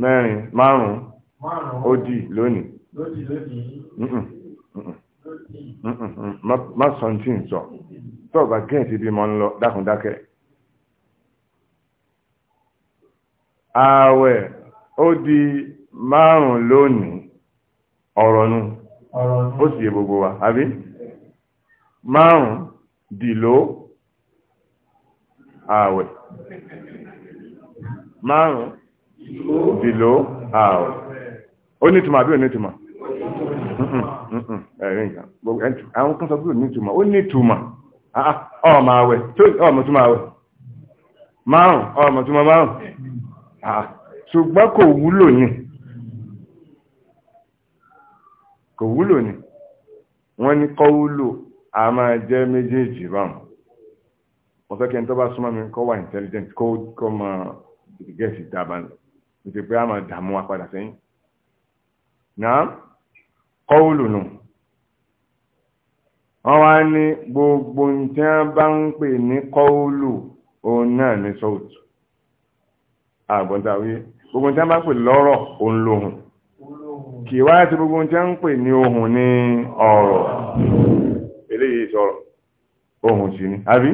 mẹ́rin márùn ó di lónìí má sọ tí ń sọ tọ́ọ̀bà gẹ́ẹ̀tì bí mọ́ ń lọ dákùndákẹ́ ààwẹ̀ ó di márùn lónìí ọ̀rọ̀ nù ó sì yẹ gbogbo wa àbí márùn dìló ààwẹ̀ márùn dìló ààwẹ̀ ó nítumọ̀ àbí ò nítumọ̀ ẹ̀rí nǹkan àwọn kan sọ pé ò nítumọ̀ ó nítumọ̀ Ah, ah, ọmọ àwẹ̀ ọmọ túnmọ̀ àwẹ̀ márùn ọmọ túnmọ̀ márùn ah, ṣùgbọ́n kò wúlò ní kò wúlò ní wọ́n ní kọ́ wúlò a máa jẹ́ méjèèjì báwọn mo fẹ́ kí ẹni tó bá súnmọ́ mi kọ́ wà intelligent kó kọ́ mọ gẹ̀ẹ́sì dábà nítorí pé a máa dààmú wa padà sẹ́yìn náà kọ́ wúlò náà wọ́n wá ní gbogbo tí wọ́n bá ń pè ní kọ́ọ̀lù òun náà ní sọ́ọ̀tù àgbọ̀ntàwí gbogbo tí wọ́n bá pè lọ́rọ̀ òun lòun kì wá ti gbogbo tí wọ́n ń pè ní ohun ní ọ̀rọ̀ eléyìí sọ̀rọ̀ ohun sì ni àbí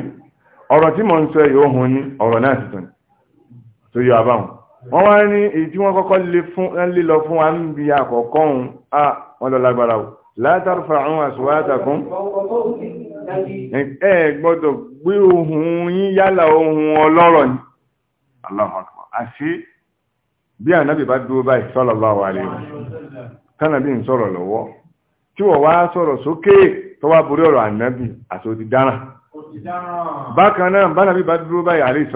ọ̀rọ̀ tí mo ń sọ èyí ohun ní ọ̀rọ̀ náà sì tún tó yọ abáhùn wọ́n wá ní èyí tí wọ́n kọ́kọ́ lé lọ fún wa ń bi àkọ́kọ́ òun á ah, wọ́n lọ lágbára o látàrfà àwọn àṣùwátàkún ẹ gbọ́dọ̀ gbé ohun yín yálà ohun ọlọ́rọ̀ ni aláhùn àṣí bí ànábì bá dúró báyìí sallallahu alaihi wasallam kánàbí ń sọ̀rọ̀ lọ́wọ́ tí wọ́n wá sọ̀rọ̀ sókè tó wá borí ọ̀rọ̀ ànábì àti òdì dáràn bákan náà bánàbí bá dúró báyìí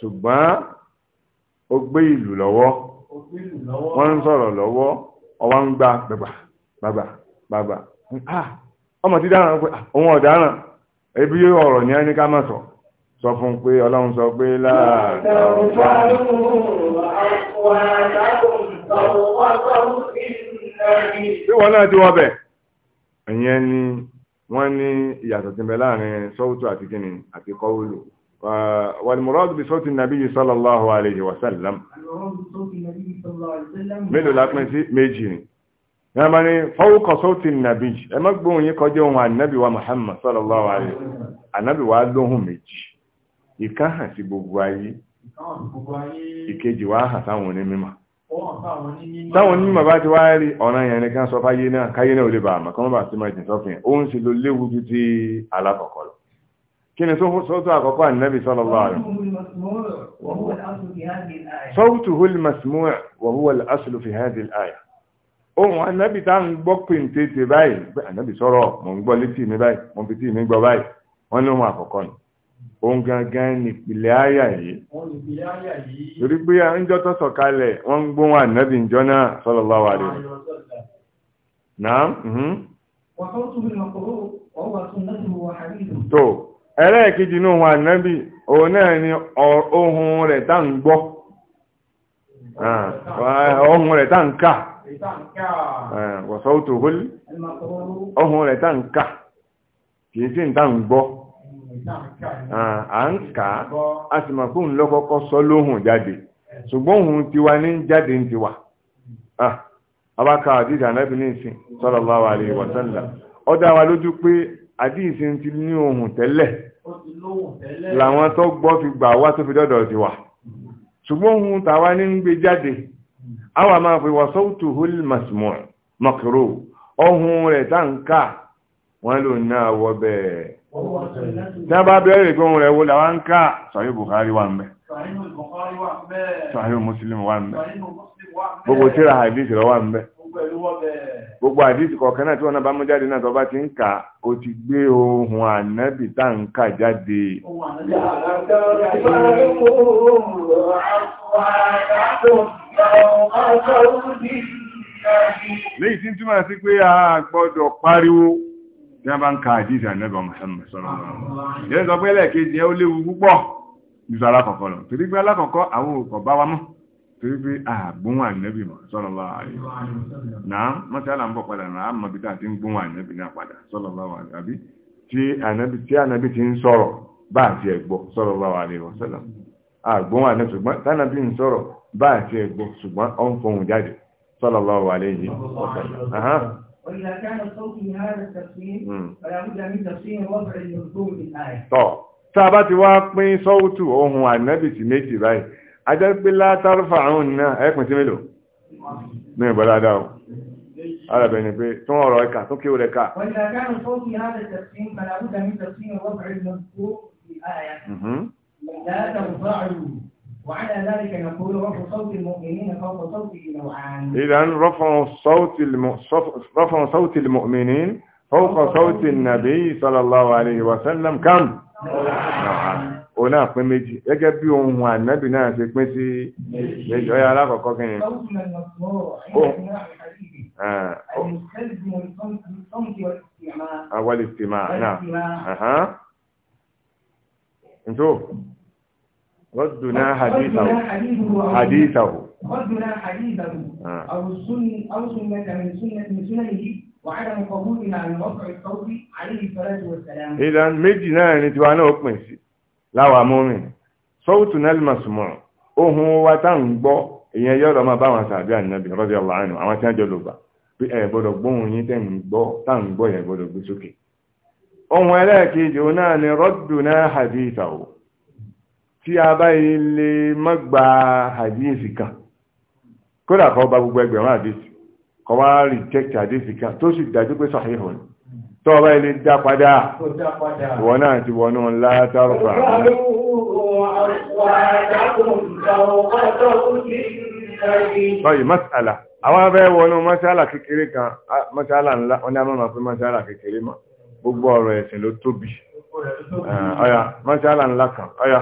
ṣùgbọ́n ó gbé ìlú lọ́wọ́ wọ́n ń sọ̀rọ̀ lọ́wọ́ ọwọ́ ń gba bàbà bàbà bàbà ọmọ ti dáràn pé òun ọ̀daràn ebi ọ̀rọ̀ ni ẹni ká má sọ sọ fún pé ọlọ́run sọ pé láàrín bí wọ́n náà ti wọ́n bẹ̀ ẹ̀yẹn ni wọ́n ní ìyàtọ̀ ti bẹ sọ́wọ́tò àti kíni àti kọ́wọ́lò والمراد بصوت النبي صلى الله عليه وسلم mélòó la pín sí méjì ni ya ma ni fawqa sauti nabi ẹ má gbóhùn yín kọjá ohùn annabi wa muhammad sallallahu alaihi annabi wa lóhùn méjì ìkan hàn sí gbogbo ayé ìkejì wa hàn sáwọn onímọ̀ táwọn onímọ̀ bá ti wá rí ọ̀nà yẹn ní kan sọ fáyé náà káyé náà ò lè bàá mọ̀ kọ́mọ́ bá ti máa jìn sọ́fìn òun sì ló léwu ju ti alákọ̀ọ́kọ́ lọ kí ni sóòtù àkọ́kọ́ ànábì sallallahu alaihi sawtuhu al-masmu' wa huwa al-aslu fi hadhihi al-aya ohun ànábì tá ń gbọ́ pèntètè báyìí ànábì sọ̀rọ̀ mọ̀ ń gbọ́ létí mi báyìí mọ̀ fi tí mi gbọ́ báyìí wọ́n ní ohun àkọ́kọ́ ni ohun gangan ni ìpìlẹ̀ àyà yìí torí pé ńjọ́ tó sọ̀kalẹ̀ wọ́n mhm. tó ẹlẹ́ẹ̀kejì ní ohun ànábì òun náà ni ohun rẹ̀ tá ń gbọ́ ah, ohun rẹ̀ tá ń ah, wọ̀sọ́wọ́tò ohun rẹ̀ tá ń kìí sí ń gbọ́ ah, à ń kà á sì mọ̀ fún lọ́kọ́kọ́ sọ lóhùn jáde ṣùgbọ́n ohun tiwa ní jáde ń tiwa abáka àdìsí ànábì ní ìsìn sallallahu alaihi wa sallam ó dá wa lójú àdíìsí ti ní ohun tẹ́lẹ̀ làwọn tó gbọ́ fi gbà wá tó fi dọ́dọ̀ ti wà ṣùgbọ́n ohun tàwa ní ń gbé jáde máa fi wà sọ́ọ̀tù masmur ohun rẹ̀ tá ń ká wọ́n lò bẹ́ẹ̀ tí wo ń ká Muslim wà ń gbogbo tíra gbogbo àdìsí kọ̀ọ̀kan náà tí wọ́n náà bá mú jáde náà tó bá ti ń kà ó ti gbé ohun ànábì tá ń kà jáde. léyìí tí ń túmọ̀ sí pé a gbọ́dọ̀ pariwo tí wọ́n bá ń ka àdìsí ànábì Muhammad sọ̀rọ̀ mọ́ torí pé àgbóhùn ànẹ́bì mọ̀ sallallahu alaihi wasallam náà mọ́sálà ń bọ̀ padà náà àmọ́ bí táà ti ń gbóhùn ànẹ́bì náà padà sallallahu alaihi àbí tí ànẹ́bì ti ń sọ̀rọ̀ bá àti ẹ̀gbọ́ sallallahu alaihi wasallam àgbóhùn ànẹ́bì ṣùgbọ́n tánàbì ń sọ̀rọ̀ bá àti ẹ̀gbọ́ ṣùgbọ́n ó ń fohùn jáde sallallahu alaihi wasallam وإذا كان الصوت هذا التفسير فلا بد من تفسير وضع المذكور في الآية. طب tá a bá ti wá pín sọ́wọ́tù ohun ànábì sí méjì báyìí هيك ما adar bila tarfa ounna ayek mo ti melo me bala da o ara be ni pe ton oro e ka ton ki o لا ترفعوا وعلى ذلك نقول رفع صوت المؤمنين فوق صوت نوعان إذا إذن رفع صوت المؤمنين فوق صوت النبي صلى الله عليه وسلم كم؟ نوعان òun náà pín méjì gẹ́gẹ́ bí ohun ànábì náà ṣe pín sí méjì ọ̀yà alákọ̀ọ́kọ́ kí ni. àwọn ìsìnmá náà ntó rọ́dùnà hadithahu hadithahu. ربنا حديثه أو السنة أو سنة من سنة من سننه وعدم قبولنا من وقع القول عليه الصلاة والسلام. إذا مجنا نتوانا أكمل láwa mọ́rin sọ́wọ́tù nẹ́lìmọ̀sùmọ̀ ohun wa tá ń gbọ́ ìyẹn yọ́rọ̀ ma bá wọn sàbí ànábì radiyallahu anhu àwọn tí jọ gbọ́dọ̀ yín ń gbọ́ tá ń gbọ́ gbọ́dọ̀ gbé sókè ohun ẹlẹ́ẹ̀kejì náà ni tí a bá ilé mọ́gbà hadith kan kódà kọ́ bá gbogbo ẹgbẹ̀rún kọ́ wá kan tó sì dájú pé tó bá ilé dá padà ìwọ náà ti wọnú ńlá tárùfà báyìí masala àwọn abẹ́ wọnú masala kékeré kan masala ńlá wọn ni a máa fi masala kékeré ma gbogbo ọ̀rọ̀ ẹ̀sìn ló tóbi ọ̀yà masala ńlá kan ọ̀yà.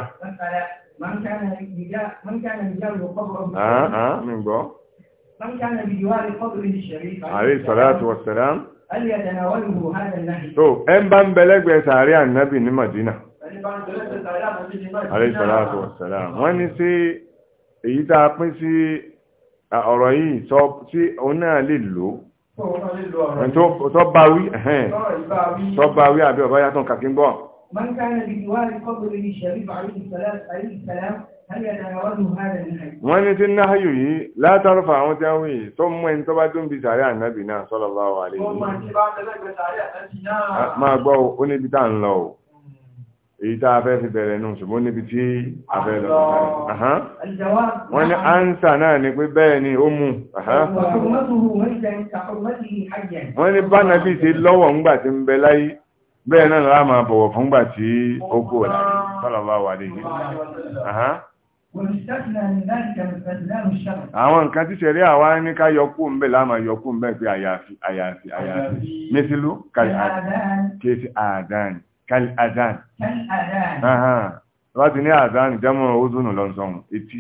mọ̀nkánà bìdíwá lè fọ́tò lè ṣẹ̀rí. àrí sọ̀rọ̀ àti wọ̀sẹ̀rẹ̀ so ẹ ń bá ń bẹ lẹ́gbẹ̀ẹ́ sàárẹ́ ànábì ní Madina alayhi salatu wassalam wọ́n ní sí èyí tá a pín sí ọ̀rọ̀ yìí sọ sí òun náà lè lò ó tó bá wí tó bá wí àbí ọ̀bá yàtọ̀ kàkí ń gbọ́. man kana bi diwari qabri sharif wọ́n ní tí náhàyò yìí látọ́rọ̀fà àwọn tí a wí tó mú ẹni tó bá tó ń bi sàárẹ́ ànábì náà sallallahu alaihi máa gbọ́ ó níbi tá ń lọ èyí bẹ́ẹ̀ náà láà bọ̀wọ̀ fúngbà tí ó kò láyé sallallahu alaihi àwọn nǹkan tí ṣẹ̀rí àwa ní ká yọkú ń bẹ láàmà yọkú ń bẹ pé àyàfi àyàfi àyàfi mẹ́sílú kàìsí àdáni kàìsí àdáni láti ní àdáni jẹ́mọ́ òzùnù lọ́sọ̀rùn etí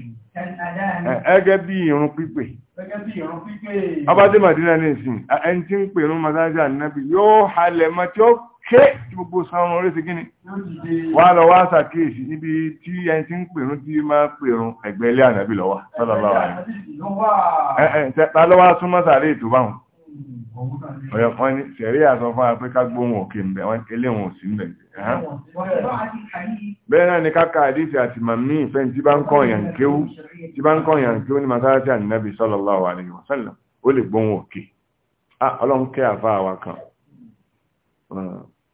ẹgẹ́ bí irun pípè ọba màdínà ní ìsìn ẹni tí ń pè ní masájà nábì yóò halẹ̀ mọ́ tí ó ké gbogbo sanwó orí ti gíní wà lọ wá sàkíyèsí níbi tí ẹni tí ń pèrún tí máa pèrún ẹ̀gbẹ́ ilé ànábì lọ́wọ́ sọ́lọ́lọ́ ta ló wá súnmọ́ sàárè ètò báwọn ọ̀yọ̀ wọ́n ní sẹ̀rí àsọ fún wa pé ká gbóhùn òkè ńbẹ̀ wọ́n eléhùn òsì ńbẹ̀ bẹ́ẹ̀ náà ni káka àdìsí àti màmí ìfẹ́ tí bá ń kọ̀yàn kéwú tí bá ń kọ̀yàn kéwú ní masáàtì ànábì sallallahu alaihi wasallam ó lè gbóhùn òkè ah, ọlọ́run kẹ́ àfáà wa kan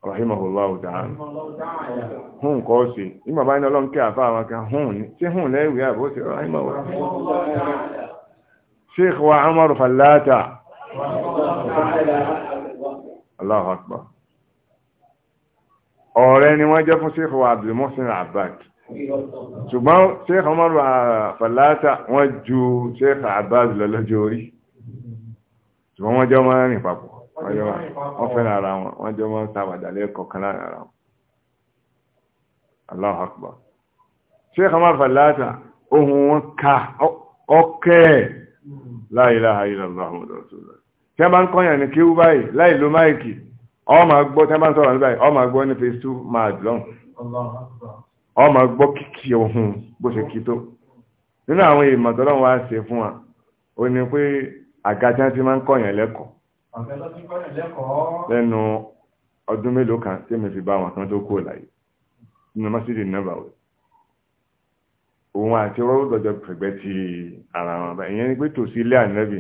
rahimahullahu ta'ala hún kọ́ sí nígbà bá ní ọlọ́run kí àfa àwọn kan hún ní tí hún lẹ́wìí àbó sí rahimahullahu sheikh wa amaru falata Allahu akbar ọ̀rẹ́ ni wọ́n jẹ́ fún sheikh wa abdul muhsin abbad ṣùgbọ́n sheikh amaru uh, falata wọ́n ju sheikh abbas lọ ṣùgbọ́n wọ́n jẹ́ ọmọ rìn papọ̀ wọ́n fẹ́ràn ara wọn wọ́n jọ máa ń sáwàdà lẹ́ẹ̀kọ̀ kan láàrin ara wọn Allahu Akbar Sheikh Amar Falata ohun wọn ká ọkẹ́ la ilaha illallah Muhammadur Rasulullah tí a bá ń kọ́yàn ní kí ó báyìí láì ló máìkì ọ máa gbọ́ tí a bá ń sọ̀rọ̀ ní báyìí ọ máa gbọ́ ní phase two máa dùn ọ máa gbọ́ kíkì ohun bó ṣe kí tó nínú àwọn ìmọ̀ tọ́lọ́run ṣe fún wa ó ní pé àga ti máa ń kọ́yàn lẹ́kọ̀ọ́ lẹ́nu ọdún mélòó kan tí mi fi bá wọn kan tó kú láyé nínú masjid Nabawi òun àti ọ̀rọ̀ dọ̀jọ́ pẹ̀gbẹ́ ti ara wọn báyìí ìyẹn ni pé tòsí ilé ànẹ́bì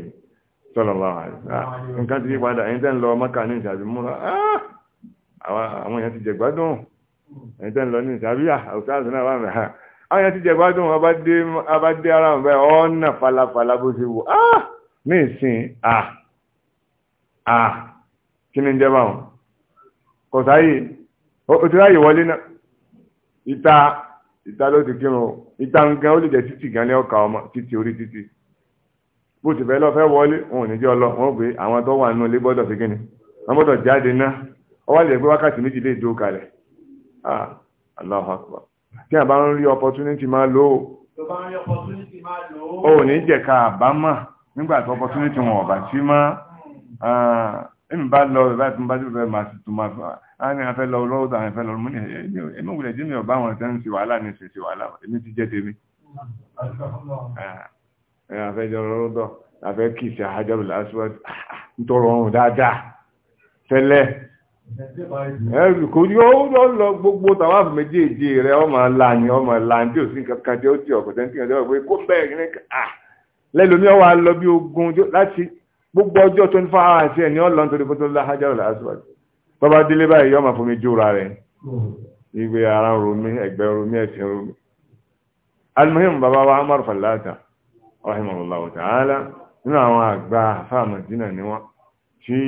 sallallahu alaihi wasallam nǹkan ti yí padà ẹni tẹ́ ń lọ Mákà ní ìsàbí múra ah! àwọn èèyàn ti jẹ̀gbádùn ẹni tẹ́ ń lọ ní ìsàbí ah! àwùjọ àti náà wà mí ha ah! àwọn èèyàn ti jẹ̀gbádùn abádé ara wọn báyìí ọ̀nà falafala bó ṣe wò ní ìsìn ah kí ni ń ti ráyè wọlé náà ìta ìta ló ti o ìta nǹkan ó lè títì gan ní ọkà ọmọ títì orí títì bó ti wọlé wọn ọlọ wọn pé àwọn tó wà nínú ilé gbọdọ fi kíni wọn jáde náà ọwọ́ àlejò pé wákàtí méjì lè ah Allahu Akbar tí opportunity máa lò ó ò ní nígbà tí opportunity wọn ò bá sí ẹ̀mí ah, bá lọ bàbá tí mo bá ti fẹ́ máa ti tuma fún wa á ní afẹ́ lọ lọ́wọ́ tó àwọn afẹ́ lọ mú ní ẹ̀mí òwúlẹ̀ jẹ́mi ọ̀bá àwọn ẹ̀sẹ̀ ń ṣe wàhálà ní ṣe ṣe wàhálà èmi ti jẹ́ tèmi. Ah, ẹ̀ afẹ́ jọ lọ́wọ́ dọ̀ afẹ́ kì í ṣe àhájọ́ bìlà aṣíwájú ah, nítorọ̀ ọ̀run dáadáa tẹ́lẹ̀ ẹ̀rù kò ní ó lọ gbogbo tàwáàfù méjèèjì rẹ̀ ọmọ láàyè ọmọ láàyè tí ò sí nǹkan kan jẹ́ ó ti ọ̀pọ̀ tẹ́ńtì kan jẹ́ ọ̀pọ̀ kó bẹ́ẹ̀ gbogbo ọjọ́ twenty four hours ẹ̀ ní ọ̀lọ́ nítorí fótó ńlá hajar al-aswad bàbá délé báyìí yọ́ máa fún mi jóra rẹ̀ ìgbé ara ń romi ẹ̀gbẹ́ romi ẹ̀sìn romi almuhim bàbá wa amar falata rahimahullah ta'ala nínú àwọn àgbà àfáà madina ni wọn tí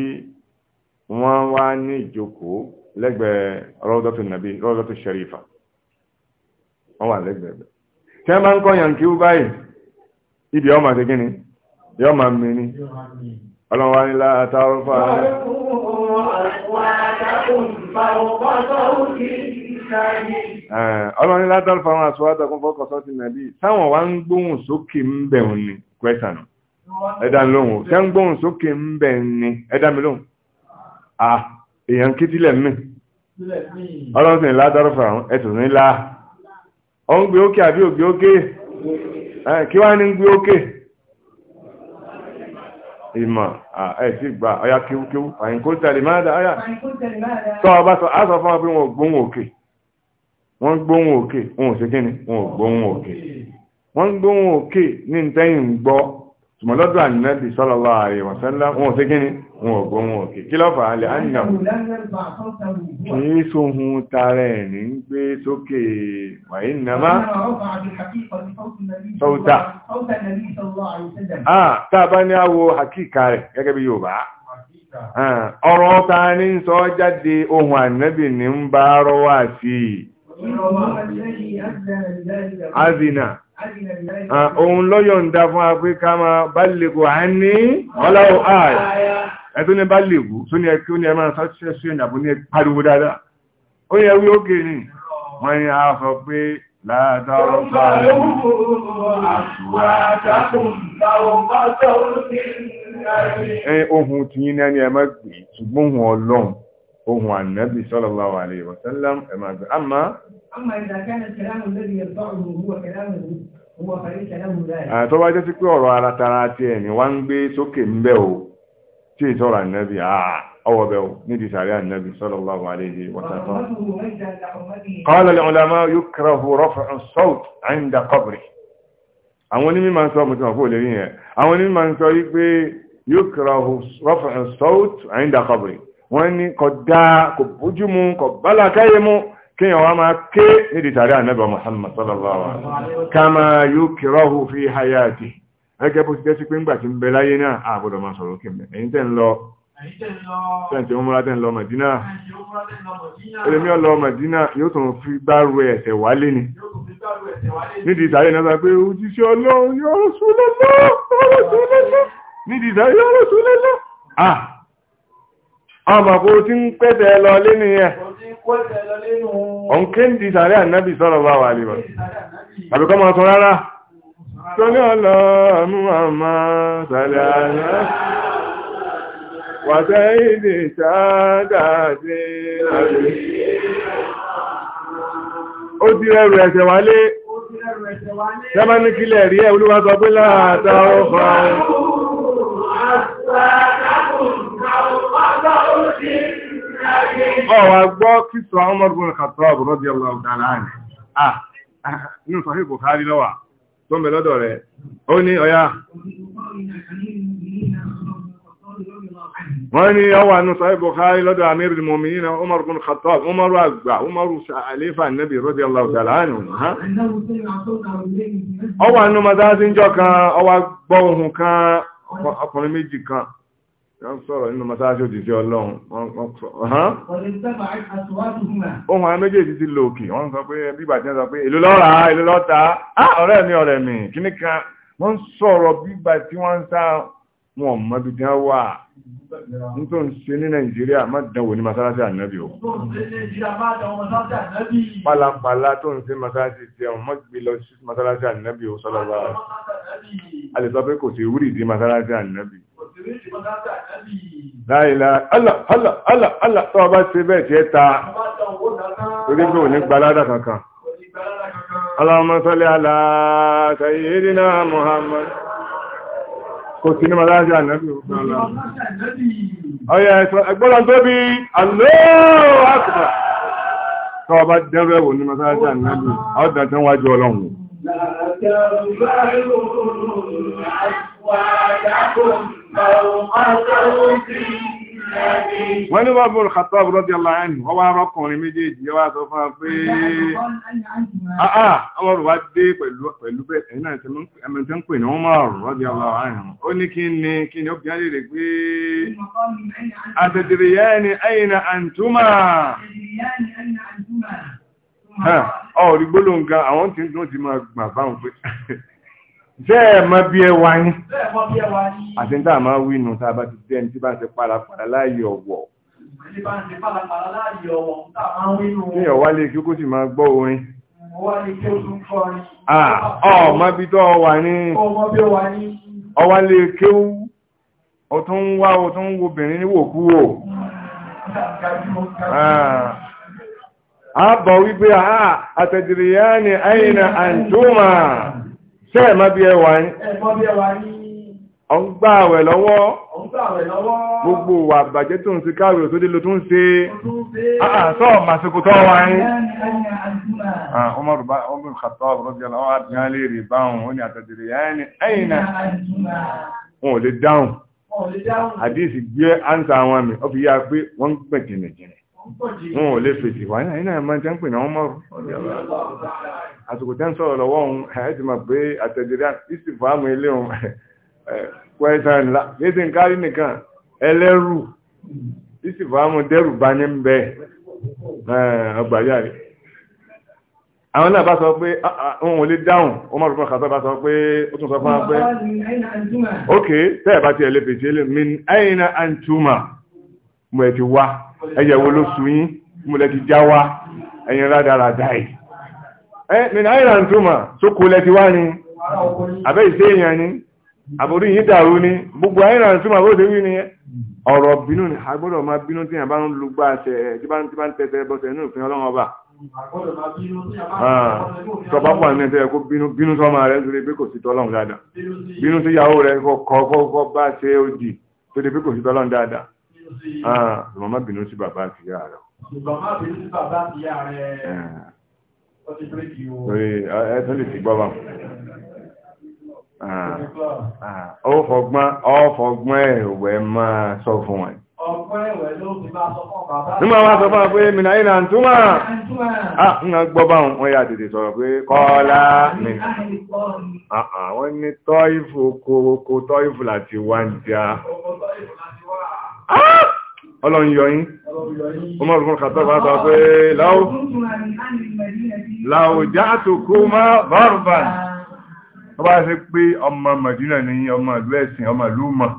wọn wá ní ìjókòó lẹ́gbẹ̀ẹ́ rọdọtù nàbí rọdọtù sharifa wọn wà lẹ́gbẹ̀ẹ́ bẹ tí wọn bá ń kọyàn kí ó báyìí ibi ọmọ àti kíni yọ́ ma mi ní ọlọ́wà ní látàrúfà ọlọ́wà ní látàrúfà wọn àṣọ́wátà kún fọ́kọ̀ sọ́tí nàbí sáwọn wá ń gbóhùn sókè ń bẹ̀ wọn ni kwẹ́sàn ẹ̀dá mi lóhùn tẹ́ ń gbóhùn sókè ń bẹ̀ ni ẹ̀dá mi lóhùn à èèyàn kítílẹ̀ mi ọlọ́wà sí látàrúfà ẹ̀tùn nílá ọ ń gbé ókè àbí ògbé ókè kí wá ní ń gbé ókè ìmọ̀ ẹ̀sí gbà ọya kíwúkíwú àyíkótẹ̀lì máa dá ayà tó ọba sọ á sọ fún ọ pé wọn gbóhùn òkè wọ́n gbóhùn òkè wọn ò sí kíni wọn gbóhùn òkè wọ́n gbóhùn òkè ní ìtẹ́yìn gbọ́ ṣùgbọ́n lọ́dọ̀ ànábì sallallahu alaihi wa sallam wọn sí kíni wọn ọ̀gbọ́n wọn òkè kí lọ́fà á lè ánìyàn kìí sóhun tààrẹ ní ń gbé sókè wàyí nàmá sọ́ọ̀tà tàbá ní àwọ àkíkà rẹ̀ gẹ́gẹ́ bí Yorùbá ah, ọ̀rọ̀ ta ní sọ jáde ohun azina Òun lọ́yọ̀ ń dá fún agbé ká máa bá lèkò à ń ní ọláwọ̀ ààyà. Ẹ tó ní bá lèkò tó ní ẹkí ó ní ẹ máa sọ́ṣẹ́ sí ẹ̀yàbó ní pariwo dáadáa. Ó yẹ wí ókè ní. Wọ́n ní a sọ pé látàrọ̀ pàrọ̀ àṣùwà àtàkùn láwọn bá sọ́rọ̀ sí ohun tí yí náà ni ẹ máa gbé ṣùgbọ́n ohun ọlọ́run ohun ànábì sallallahu alaihi wasallam ẹ máa gbé. Àmọ́ أما إذا كان الكلام الذي يرفعه هو كلامه هو فليس له ذلك. tó bá jẹ́ sí pé ọ̀rọ̀ ara tara ti ẹ̀yìn wá ń gbé sókè ń bẹ́ o tí ì sọ̀rọ̀ ànábì ọwọ́ bẹ́ o nídìí sàárẹ̀ ànábì sallallahu alayhi wa sallam. قال العلماء يكره رفع الصوت عند قبره. àwọn onímọ̀ ń sọ mo ti mọ̀ fún òlérí yẹn àwọn onímọ̀ ń sọ yí pé yukrahu raf'u sawt 'inda qabri wọ́n ní kò dáa kò bójú mu kò bálàkáyé mu kíyàn wá máa ké nídi tàrí ànábà Muhammad sallallahu alaihi wasallam kama yukrahu fi hayati ẹgẹ́ bó ti jẹ́ sí pé ńgbà tí ń bẹ láyé náà àbúrò máa sọ̀rọ̀ kí mẹ́ ẹ̀yin tẹ́ ń lọ tẹ́ǹtẹ́ umra tẹ́ ń lọ Madina ẹlẹ́mí ọlọ Madina yóò tún fi gbárù ẹ̀sẹ̀ wálé ni nídi tàrí náà pé òjíṣẹ́ Ọlọ́run yóò rọ̀ sólẹ́lọ́ nídi tàrí yóò rọ̀ sólẹ́lọ́ àmàkó tí ń pẹ́tẹ̀ lọ lé ní ọ̀nkẹ́ ń sàárẹ́ ànábì sọ́rọ̀ bá wà lèwọ̀ àbíkọ́ máa sọ rárá tó ní ọlọ́ọ̀nù àmà sàárẹ́ àná wàtẹ́ ìdè sáàdàdé àrí ó ti rẹrù ẹ̀ṣẹ̀ wálé sẹ́mà ní kílẹ̀ rí ẹ̀ olúwa sọ pé láàtà ọ̀fà Ọwà gbọ́ kìsọ Umar bin Khattab radiyallahu ta'ala anhu. Ah, nínú Sahih Bukhari lọ́wà tó ń bẹ lọ́dọ̀ rẹ̀. Ó ní ọya. Wọ́n ní ọwà nínú Sahih Bukhari lọ́dọ̀ Amir al-Mu'minin Umar bin Khattab, Umar àgbà, Umar Alifa Nabi radiyallahu ta'ala anhu. Ọwà nínú Madájíjọ́ kan, ọwà gbọ́ ohun kan, wọ́n sọ̀rọ̀ nínú masáṣí òjìṣẹ́ ọlọ́run ohun àwọn méjèèjì ti lò òkè wọ́n sọ pé bíbà tí wọ́n sọ pé èlò lọ́ra èlò lọ́ta ọ̀rẹ́ mi ọ̀rẹ́ mi kíní kan wọ́n sọ̀rọ̀ bíbà tí wọ́n ń sá wọn mọ́bí tí wọ́n wà ní tó ń ṣe ní nàìjíríà má dánwò ní masáṣí ànábì o pálapàla tó ń ṣe masáṣí tí wọ́n mọ́ gbé lọ sí masáṣí ànábì o sọ́lọ́wọ́ a lè sọ pé kò sí wúrì di masáṣí ànábì láìlá aláàlá tó ọba ṣe bẹ́ẹ̀ tí ẹ ta orígbò ní gbalada kankan Allahumma salli ala sayyidina Muhammad kò sí ní maláàjá ànábì ọ̀yà ẹ̀sọ́ ẹgbọ́nà tó bí Allahu tó ọba dẹ́rẹ́wò ní maláàjá ànábì na wájú ọlọ́run Láàrín wọ́n ní wọ́n bọ̀rọ̀ Khattab radiyallahu anhu wọ́n wá rọ́kùnrin méjèèjì yẹ́ wá fún wa pé ah, ah, wá dé pẹ̀lú ẹ̀yìn náà pè ní bẹ́ẹ̀ mọ́ bí ẹ wá yín àti ní táà máa wínú tá a bá ti tẹ́ ẹni tí bá ń ṣe pàlàpàlà láàyè ọ̀wọ̀ ní ọ̀wá lè kí ó kó sì máa gbọ́ orin ọmọ bí tọ́ wà ní ọwá lè kéwú ọ̀tún wá ọ̀tún obìnrin níwòkú wò àbọ̀ wípé àtẹ̀dìrìyà ni àyìnà àǹtúmà ṣé ẹ̀ mọ́ bí ẹ wà yín. ẹ̀ mọ́ bí ẹ wà yín ọ̀n gbà àwẹ̀ lọ́wọ́ gbogbo wà bàjẹ́ tó ń ṣe káàrò tó dé ló tún ṣe àṣọ́ màṣíkò tọ́ wá ní ọmọrùbá ọmọrùn kàtọ́ ọ̀rọ̀bíọ́lá wọ́n àdìyàn lè rí báhùn ó ní àtàdìrì ẹ̀yìnà wọn ò lè dáhùn àdíìsì gbé áńsà àwọn mi ó fi yá pé wọ́n gbẹ̀ jìnnìjìnnì wọn ò lè fèsì wáyé náà ẹ̀mọ́ àsìkò tẹ́ ń sọ̀rọ̀ lọ́wọ́ òun ẹ̀ ti mọ̀ pé àtẹ̀jẹ̀dá ìsì fàámù ilé òun kwẹ́sàn ńlá léṣe ń kárí nìkan ẹlẹ́rù ìsì fàámù dẹ́rù bá ní bẹ́ ọgbàjá rẹ̀ àwọn náà bá sọ pé ah, ah, òun ò lè dáhùn ó máa rúkọ́ kàtọ́ bá sọ pé ó tún sọ fún wa pé ok tẹ́ ẹ̀ bá ti ẹ̀lẹ́ fèsì ẹlẹ́ mi ẹ̀yìn náà àǹtúmà mo ẹ̀ ti wá ẹ̀yẹ̀wò min àìrà ń túnmà sókò lẹ́ti wá ní abẹ́ ìṣẹ́ èèyàn ní àbúrí yìí dàrú ní gbogbo àìrà ń túnmà bóde wí ní ọ̀rọ̀ bínú ni a gbọ́dọ̀ máa bínú tí yàn bá ń lùgbà ṣe tí bá ń tẹ́tẹ́ bọ́sẹ̀ ní òfin ọlọ́run ọba ah, tọba pọ̀ ní ẹ̀tẹ́ kó bínú sọ́mà rẹ̀ nítorí pé kò sí tọ́lọ́run dáadáa bínú sí ìyàwó rẹ̀ kọ́ bá ṣe ó dì tó dé pé kò sí tọ́lọ́run dáadáa ah, màmá bínú sí bàbá àti ìyá rẹ̀ ẹ̀tún lè ti gbọ́bà ọ̀fọ̀gbọ́n ah, ah, ọ̀fọ̀gbọ́n ẹ̀wẹ̀ máa sọ fún ẹ̀ nígbà wá sọ fún ọ pé mìnà ìlà ń túmọ̀ àà gbọ́bà wọ́n yà tètè sọ̀rọ̀ pé kọ́ọ́lá mi ah, wọ́n ní tọ́ìfù kòókò tọ́ìfù láti wá ń já ọlọ́run yọ yín ọmọ ọ̀rùn kàtọ́bà bá pé láòjá tó kó má bárùbà ọ bá ṣe pé ọmọ Màdínà ní ọmọ ìlú ẹ̀sìn ọmọ ìlú mọ̀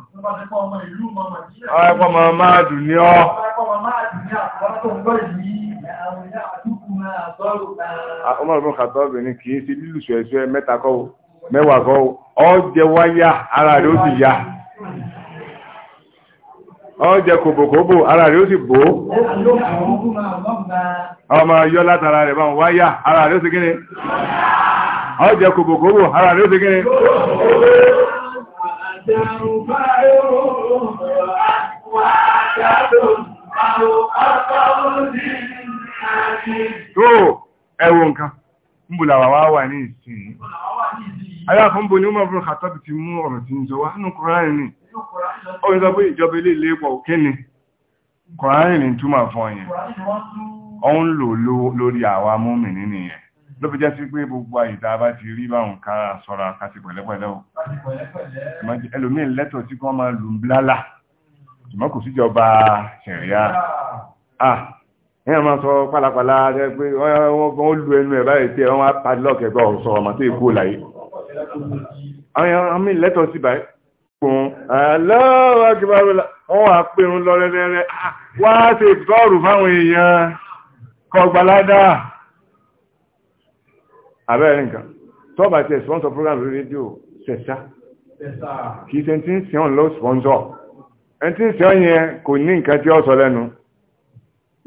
ọ̀pọ̀ ọmọ máàdù ní ọ́ ọmọ ọ̀rùn kàtọ́bà ní kìí sí lílùsù ẹ̀ṣẹ́ mẹ́ta kọ́ mẹ́wàá kọ́ ọ jẹ wáyà ara rẹ̀ ó sì yá ọjẹ kòbòkòbò ara rẹ̀ ó sì bò ọmọ yọ látara rẹ̀ báwọn wáyà ara rẹ̀ ó sì gíní ọjẹ kòbòkòbò ara rẹ̀ ó sì gíní tó ẹwọ nǹkan ń wà wá wà ní ìsìn ayáfún bò ní ó fún ọ̀rọ̀ tí ń sọ wá nù ó sọ pé ìjọba ilé ilé pọ̀ kí ni kọ̀ránì ní túmọ̀ fún ọyẹn ọ ń lò lórí àwa múmi nínú yẹn ló fi jẹ́ sí pé gbogbo àyíká bá ti rí báwọn kára sọ́ra kásì pẹ̀lẹ́pẹ̀lẹ́ o ẹlòmíì lẹ́tọ̀ọ́ sí kí wọ́n máa lù ń blálà ṣùgbọ́n kò síjọba ṣẹ̀ríà èèyàn máa sọ pálapàla rẹ pé wọ́n lu ẹnu ẹ̀ báyìí tí wọ́n á padlọ́ọ̀kì ẹ̀gbọ́n sọ ọmọ tó èkó láyé àwọn èèyàn mi lẹ́tọ̀ọ́ sí báyìí fún Allahu Akbar wọ́n wà pẹ̀rún lọ rẹ̀rẹ̀rẹ̀ ah, wá ṣe ìtọ́rù fáwọn èèyàn kọgbàládà abẹ́rẹ̀ nǹkan tọ́bà tẹ sponsor program rédíò sẹ̀sá kì í ṣe tí ń sẹ́wọ̀n lọ sponsor ẹni tí ń sẹ́wọ̀n yẹn kò ní nǹkan tí ó sọ lẹ́nu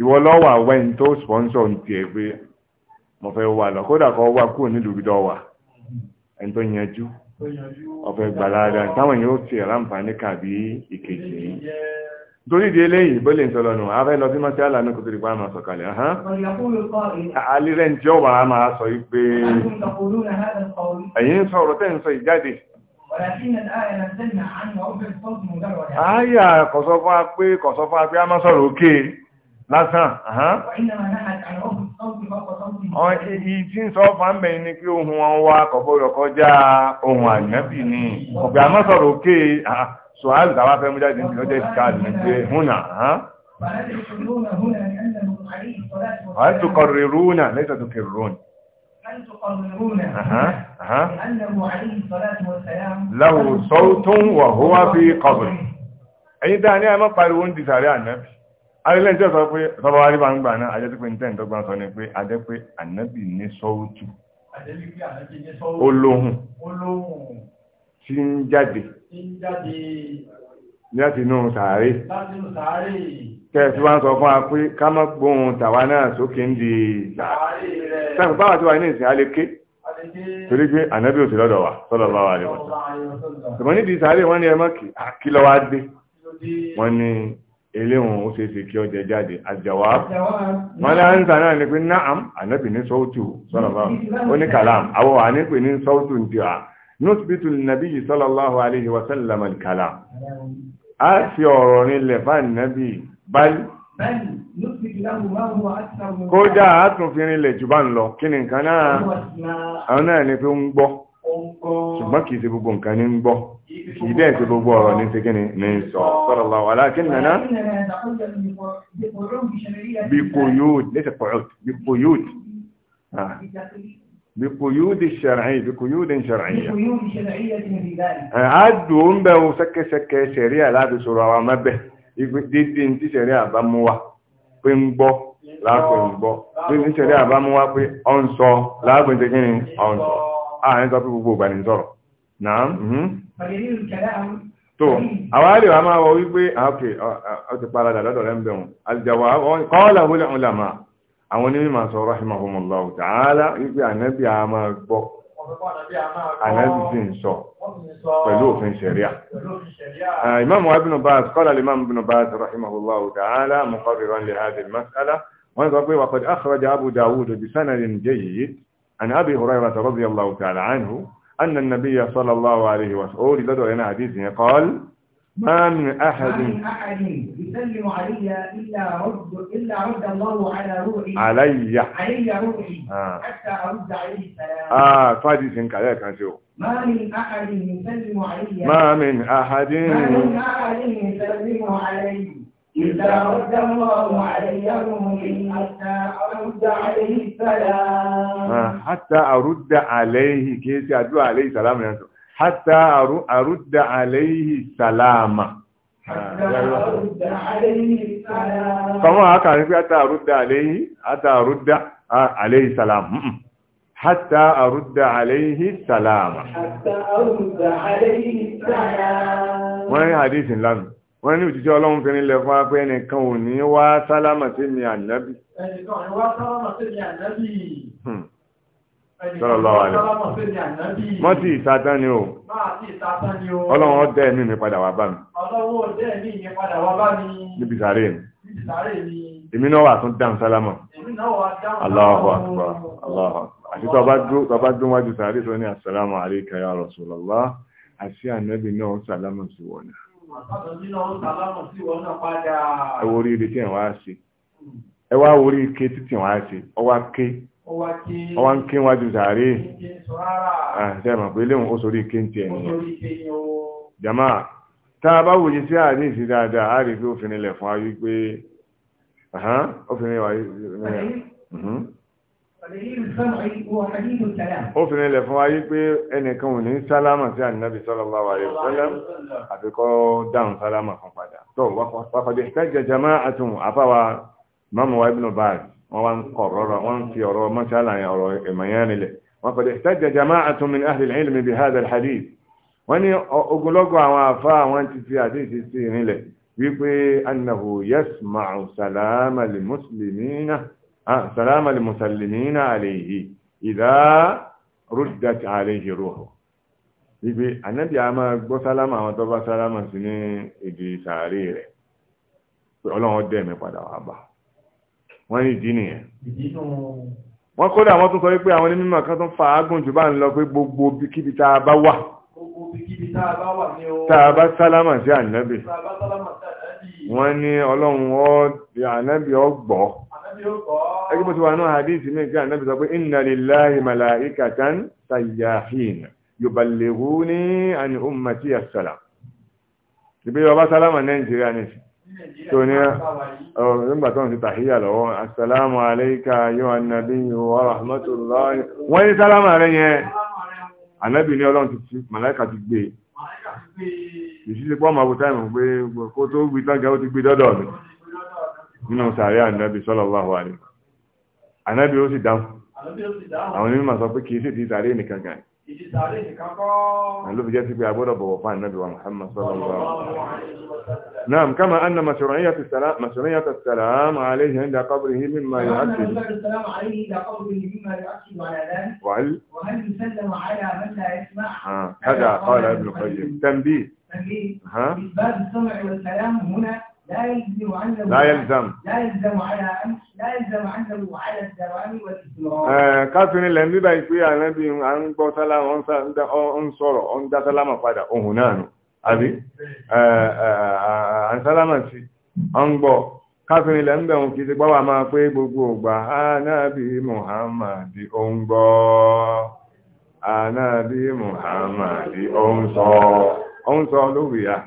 ìwọ lọ́wọ́ àwọn ẹni tó sponsor ń tiẹ̀ pé mo fẹ́ wà lọ kódà kọ́ wà kúrò nílùú bí dọ́wà ẹni tó yanjú ọ̀fẹ́ gbàláàdà táwọn èèyàn ó ti ẹ̀ráǹfààní kàbí ìkejì yìí torí di eléyìí bó lè ń sọlọ nù afẹ́ lọ sí mọ́tí àlànà kò tó di pa sọ kalẹ̀ ahán alírẹ̀ ń jẹ́ ọ̀wà a máa sọ wípé ẹ̀yin sọ̀rọ̀ ń sọ ìjáde pé pé a máa sọ̀rọ̀ òkè lásán ìyí tí ń sọ fàmbẹ̀ ní pé ohun wọn wá kọ̀bọ̀rọ̀ kọjá ohun àjẹ́bì ní ọ̀gbẹ̀ àmọ́sọ̀rọ̀ òkè ṣòhálì tàbá fẹ́ mú jáde ní ọjọ́ ìsìkáàdì ní pé húnà wọ́n tó kọ̀rì rúnà lẹ́tọ̀ tó kìrì rúnà láwùsọ́tún wà hó wá fi kọ̀bùrì ẹ̀yí dáa ní àmọ́ pariwo ń di sàárẹ́ ànábì arẹ́lẹ́jọ́ sọ pé sọba wa rí bá ń gbà náà ajẹ́ tó pé nítẹ́ ìdọ́gbọ́n sọ ni pé ajẹ́ pé ànábì ní sọ́ọ́tù olóhùn tí ń jáde láti inú sàárè kẹ́ẹ̀sì wá ń sọ fún wa pé ká má gbóhùn tàwa náà sókè ń di sàárè rẹ̀ sáà báwa tí wà ní ìsìn aléké torí pé ànábì ò sí lọ́dọ̀ wa sọ́dọ̀ bá wa rí wọn sọ̀rọ̀ nídìí sàárè wọn ni ẹ mọ́ kí eléhùn ó ṣe é ṣe kí ọjẹ jáde àjàwá wọn lè ń tàná ní pé náàm ànábì ní sọ́ọ̀tù sọ́lọ́lá ó ní kàlám àwọn ànípè ní sọ́ọ̀tù ń tiwa nùsùbìtù nàbí yìí sọ́lọ́láhu aléhi wasálàmà kàlám a fi ọ̀rọ̀ nílẹ̀ bá nàbí báyìí kódà a kìí dẹ̀ ṣe gbogbo ọ̀rọ̀ ní sikini ní sọ sọ̀rọ̀ lọ wà láti nana bikoyod lẹ́sẹ̀ pọ̀yọ́d bikoyod bikoyod ṣẹ̀rẹ̀ bikoyod ṣẹ̀rẹ̀ àádùn ń bẹ̀ sẹ́kẹsẹ́kẹ ṣẹ̀ríà láti sọ̀rọ̀ àwọn mẹ́bẹ̀ dídí ní ṣẹ̀ríà bá mú wa pé ń gbọ́ láàpẹ̀ ń gbọ́ sọ láàpẹ̀ ń ṣe kí ni ọ̀ ah, gbogbo ìgbà ní sọ̀rọ̀ náà tó àwọn àlè wa máa wọ wípé ah, ok ọ ti paradà lọ́dọ̀ rẹ̀ ń bẹ̀rùn àlìjàwà kọ́ọ̀lá wọlé ọ̀hún làmà àwọn onímọ̀ máa sọ rahimahumullahu ta'ala wípé ànábì a máa gbọ́ ànábì sì ń sọ pẹ̀lú òfin ṣẹ̀ríà ah, imam ibn Baz qala imam ibn Baz rahimahullahu ta'ala muqarriran li hadhihi al-mas'ala wọ́n sọ pé waqad أن النبي صلى الله عليه وسلم أولي لدو لنا حديث قال ما من أحد ما من أحد يسلم علي إلا رد إلا رد الله على روحي علي علي روحي آه. حتى أرد عليه السلام آه فادي سنك عليك أنشو ما من أحد يسلم علي ما من أحد ما من أحد يسلم علي إذا رد الله عليهم حتى أرد عليه السلام حتى أرد عليه كيف أدعو عليه السلام حتى أرد عليه السلام Kọmọ́ àkà ní pé àtà àrúdà àléhì, àtà àrúdà àléhì sàlámù. Hàtà àrúdà àléhì sàlámù. Wọ́n ní àdísìn lánàá wọ́n ní òjìjọ́ ọlọ́run fi nílẹ̀ fún apẹ́ ẹnìkan ò ní wá sálámà sí mi ànábì. ẹnìkan ò ní wá sálámà sí mi ànábì. sọ̀rọ̀ lọ́wọ́ rẹ̀ wọ́n ti ìsátán ni o. ọlọ́run ó dẹ́ mi padà wá bá mi. ọlọ́run ó dẹ́ mi padà wá bá mi. níbi sàárè mi. èmi náà wà tún dáhùn sálámà. èmi náà wà dáhùn sálámà. Allahu akbar Allahu àti tọba dún wájú sàárè sọ ní assalamu alayka ya Rasulullah àti ànábì náà sálámà sí wọn ẹ wo oríire tí wọ́n á ṣe ẹ wá orí ike títí wọ́n á ṣe ọwá ké ọwá ń ké wájú sàárè ṣe mọ̀ pé léhùn ó sorí ike ń tiẹ̀ nìyẹn jama tá a bá wòye sí àárín ìsí dáadáa a rí pé ó fi nílẹ̀ fún wa wípé ó fi nílẹ̀ wá ó fi nílẹ̀ fún ayé pé ẹnìkan ò ní sálámà sí ànábì sallallahu alaihi wasallam àti kọ́ dáhùn sálámà fún padà tó wàfàdé ìtẹ́jẹ̀ jama'atun àfáwà Imam wa Ibn Baz wọ́n wá ń kọ̀ rọ́rọ̀ wọ́n ń fi ọ̀rọ̀ mọ́ṣálà ọ̀rọ̀ ìmọ̀yán nílẹ̀ wàfàdé سلام المسلمين عليه إذا ردت عليه روحه ibi ànábì a máa gbọ́ sálámà àwọn tó bá sálámà sí ní ìdí sàárè rẹ̀ pé ọlọ́run dẹ̀ mi padà wà bá wọ́n ní ìdí nìyẹn wọ́n kódà wọ́n tún sọ wípé àwọn onímọ̀ kan tún fa ágùn jù bá ń lọ pé gbogbo kíbi tá a bá wà tá a bá sálámà sí ànábì wọ́n ní ọlọ́run ànábì ó gbọ́ ẹgbẹ́ bó ti wà náà hadith mi gbé ànábì sọ pé inna lillahi malaikatan sayyahin yuballighuni an ummati as-salam ibi ọba sálámà nàìjíríà ní tó ní ọ̀rọ̀gbà tó ń ti tàhíyà lọ́wọ́ assalamu alayka yóò annabi wa rahmatullahi wọ́n ní sálámà rẹ̀ yẹn ànábì ní nínú sàárẹ́ ànábì sallallahu alaihi wasallam ànábì ó sì dáhùn àwọn onímọ̀ sọ pé kìí sì ti sàárẹ́ nìkan gan ìdí sàárẹ́ nìkan kọ́ ló jẹ́ sí pé agbọ́dọ̀ bọ̀wọ̀ لا يلزم عنه لا يلزم لا يلزم على لا يلزم عنه على الدوام والاستمرار káfíìn ilẹ̀ nígbà ìpè ànábì à ń gbọ́ sálámà ń sọ̀rọ̀ ń dá sálámà padà ohun náà nù àbí à ń sálámà sí ọ ń gbọ́ káfíìn ilẹ̀ ń bẹ̀rù kìí ti Muhammad Muhammad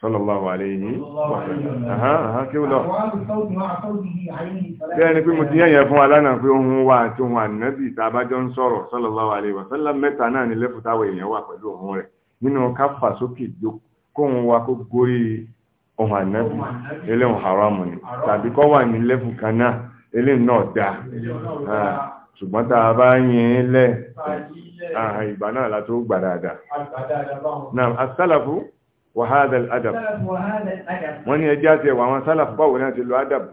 sallallahu alayhi wa sallam kí ó lọ bí ẹni pé mo ti yẹ̀yẹ̀ fún alánà pé ohun wa àti ohun ànábì tàbájọ́ ń sọ̀rọ̀ sallallahu alayhi wa sallam mẹ́ta náà ni lẹ́fùtáwọ̀ èèyàn wà pẹ̀lú ohun rẹ̀ nínú káfà sókè jó kóhun wa kó gorí ohun ànábì eléhùn haramu ni tàbí kọ́ wà ní lẹ́fù kan náà eléhùn náà dáa ah, ṣùgbọ́n tá a bá yìn lẹ̀ ah, ìgbà náà la tó gbà dáadáa. Naam, as-salafu وهذا الادب من يجازي ومن سلف قولا جل ادب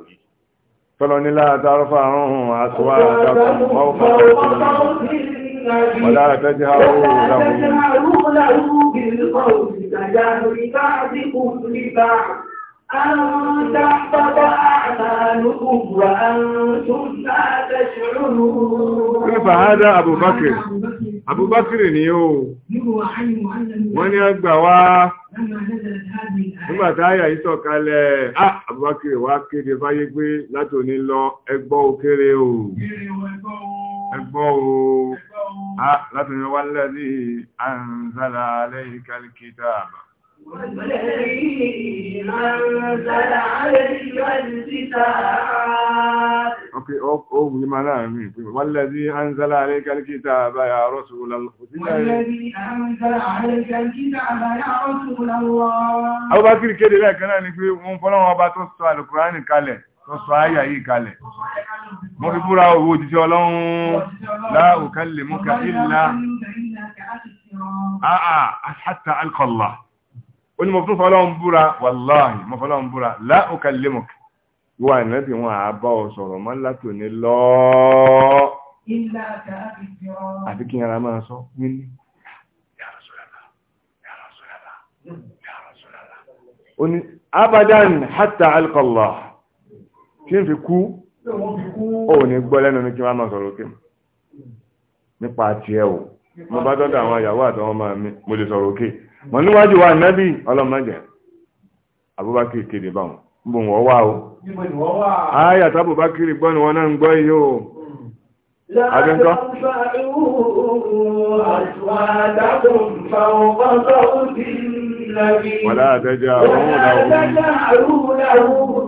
فلوني لا ترفعوا اصواتكم فوق صوت ولا تجهروا له بالقول تجاهل بعضكم لبعض أن تحفظ أعمالكم وأنتم لا تشعرون كيف هذا أبو بكر؟ abúbákìrì ni ó wọ́n ní àgbà wá nígbàtá àyà yìí sọ̀kalẹ̀ ah, abúbákìrì wá kéde fáyé pé látòní lọ ẹgbọ́ òkèrè o ẹgbọ́ o ah, látòní wá lẹ́rí àǹzàlà lẹ́yìn kálíkítà àbá Ok, ohun yí máa láàrin ìpínlẹ̀. Wọ́n lẹ́bí Anzala Alékàlkítà àbáyà Rọ́sùlọ́lọ́. Wọ́n lẹ́bí Anzala Alékàlkítà àbáyà Rọ́sùlọ́lọ́. Àwọn bá kìrì kéde lẹ́ẹ̀kan náà ni pé wọ́n fọ́lọ́wọ́ bá tó sọ Alùkùránì kalẹ̀ tó sọ ayà yìí kalẹ̀. Mo fi búra owó òjíṣẹ́ Ọlọ́run láàrùn kalẹ̀ mú ka ó ní mo fún fọlọ́run búra wàláhì mo fọlọ́run búra láòkà lémùk wọ ànábì wọn àbá ọ sọ̀rọ̀ mọ́ látò ní lọ́ọ́ àti kí ara máa sọ nílé ó ní abadan hatta alkọlọ kí n fi kú ó ní gbọ́ lẹ́nu ní kí wọ́n máa sọ̀rọ̀ kí nípa àti ẹ̀ o bá dọ́dọ̀ àwọn ìyàwó àtàwọn ọmọ mi lè sọ̀rọ̀ òkè mọ̀ níwájú wa nábì ọlọ́mọdé Abubakar kéde báwọn bò wọ́n wá o ayà tí Abubakar gbọ́ ni wọ́n náà ń gbọ́ yìí o Adéńkọ́. Wàlá àwọn òun làwọn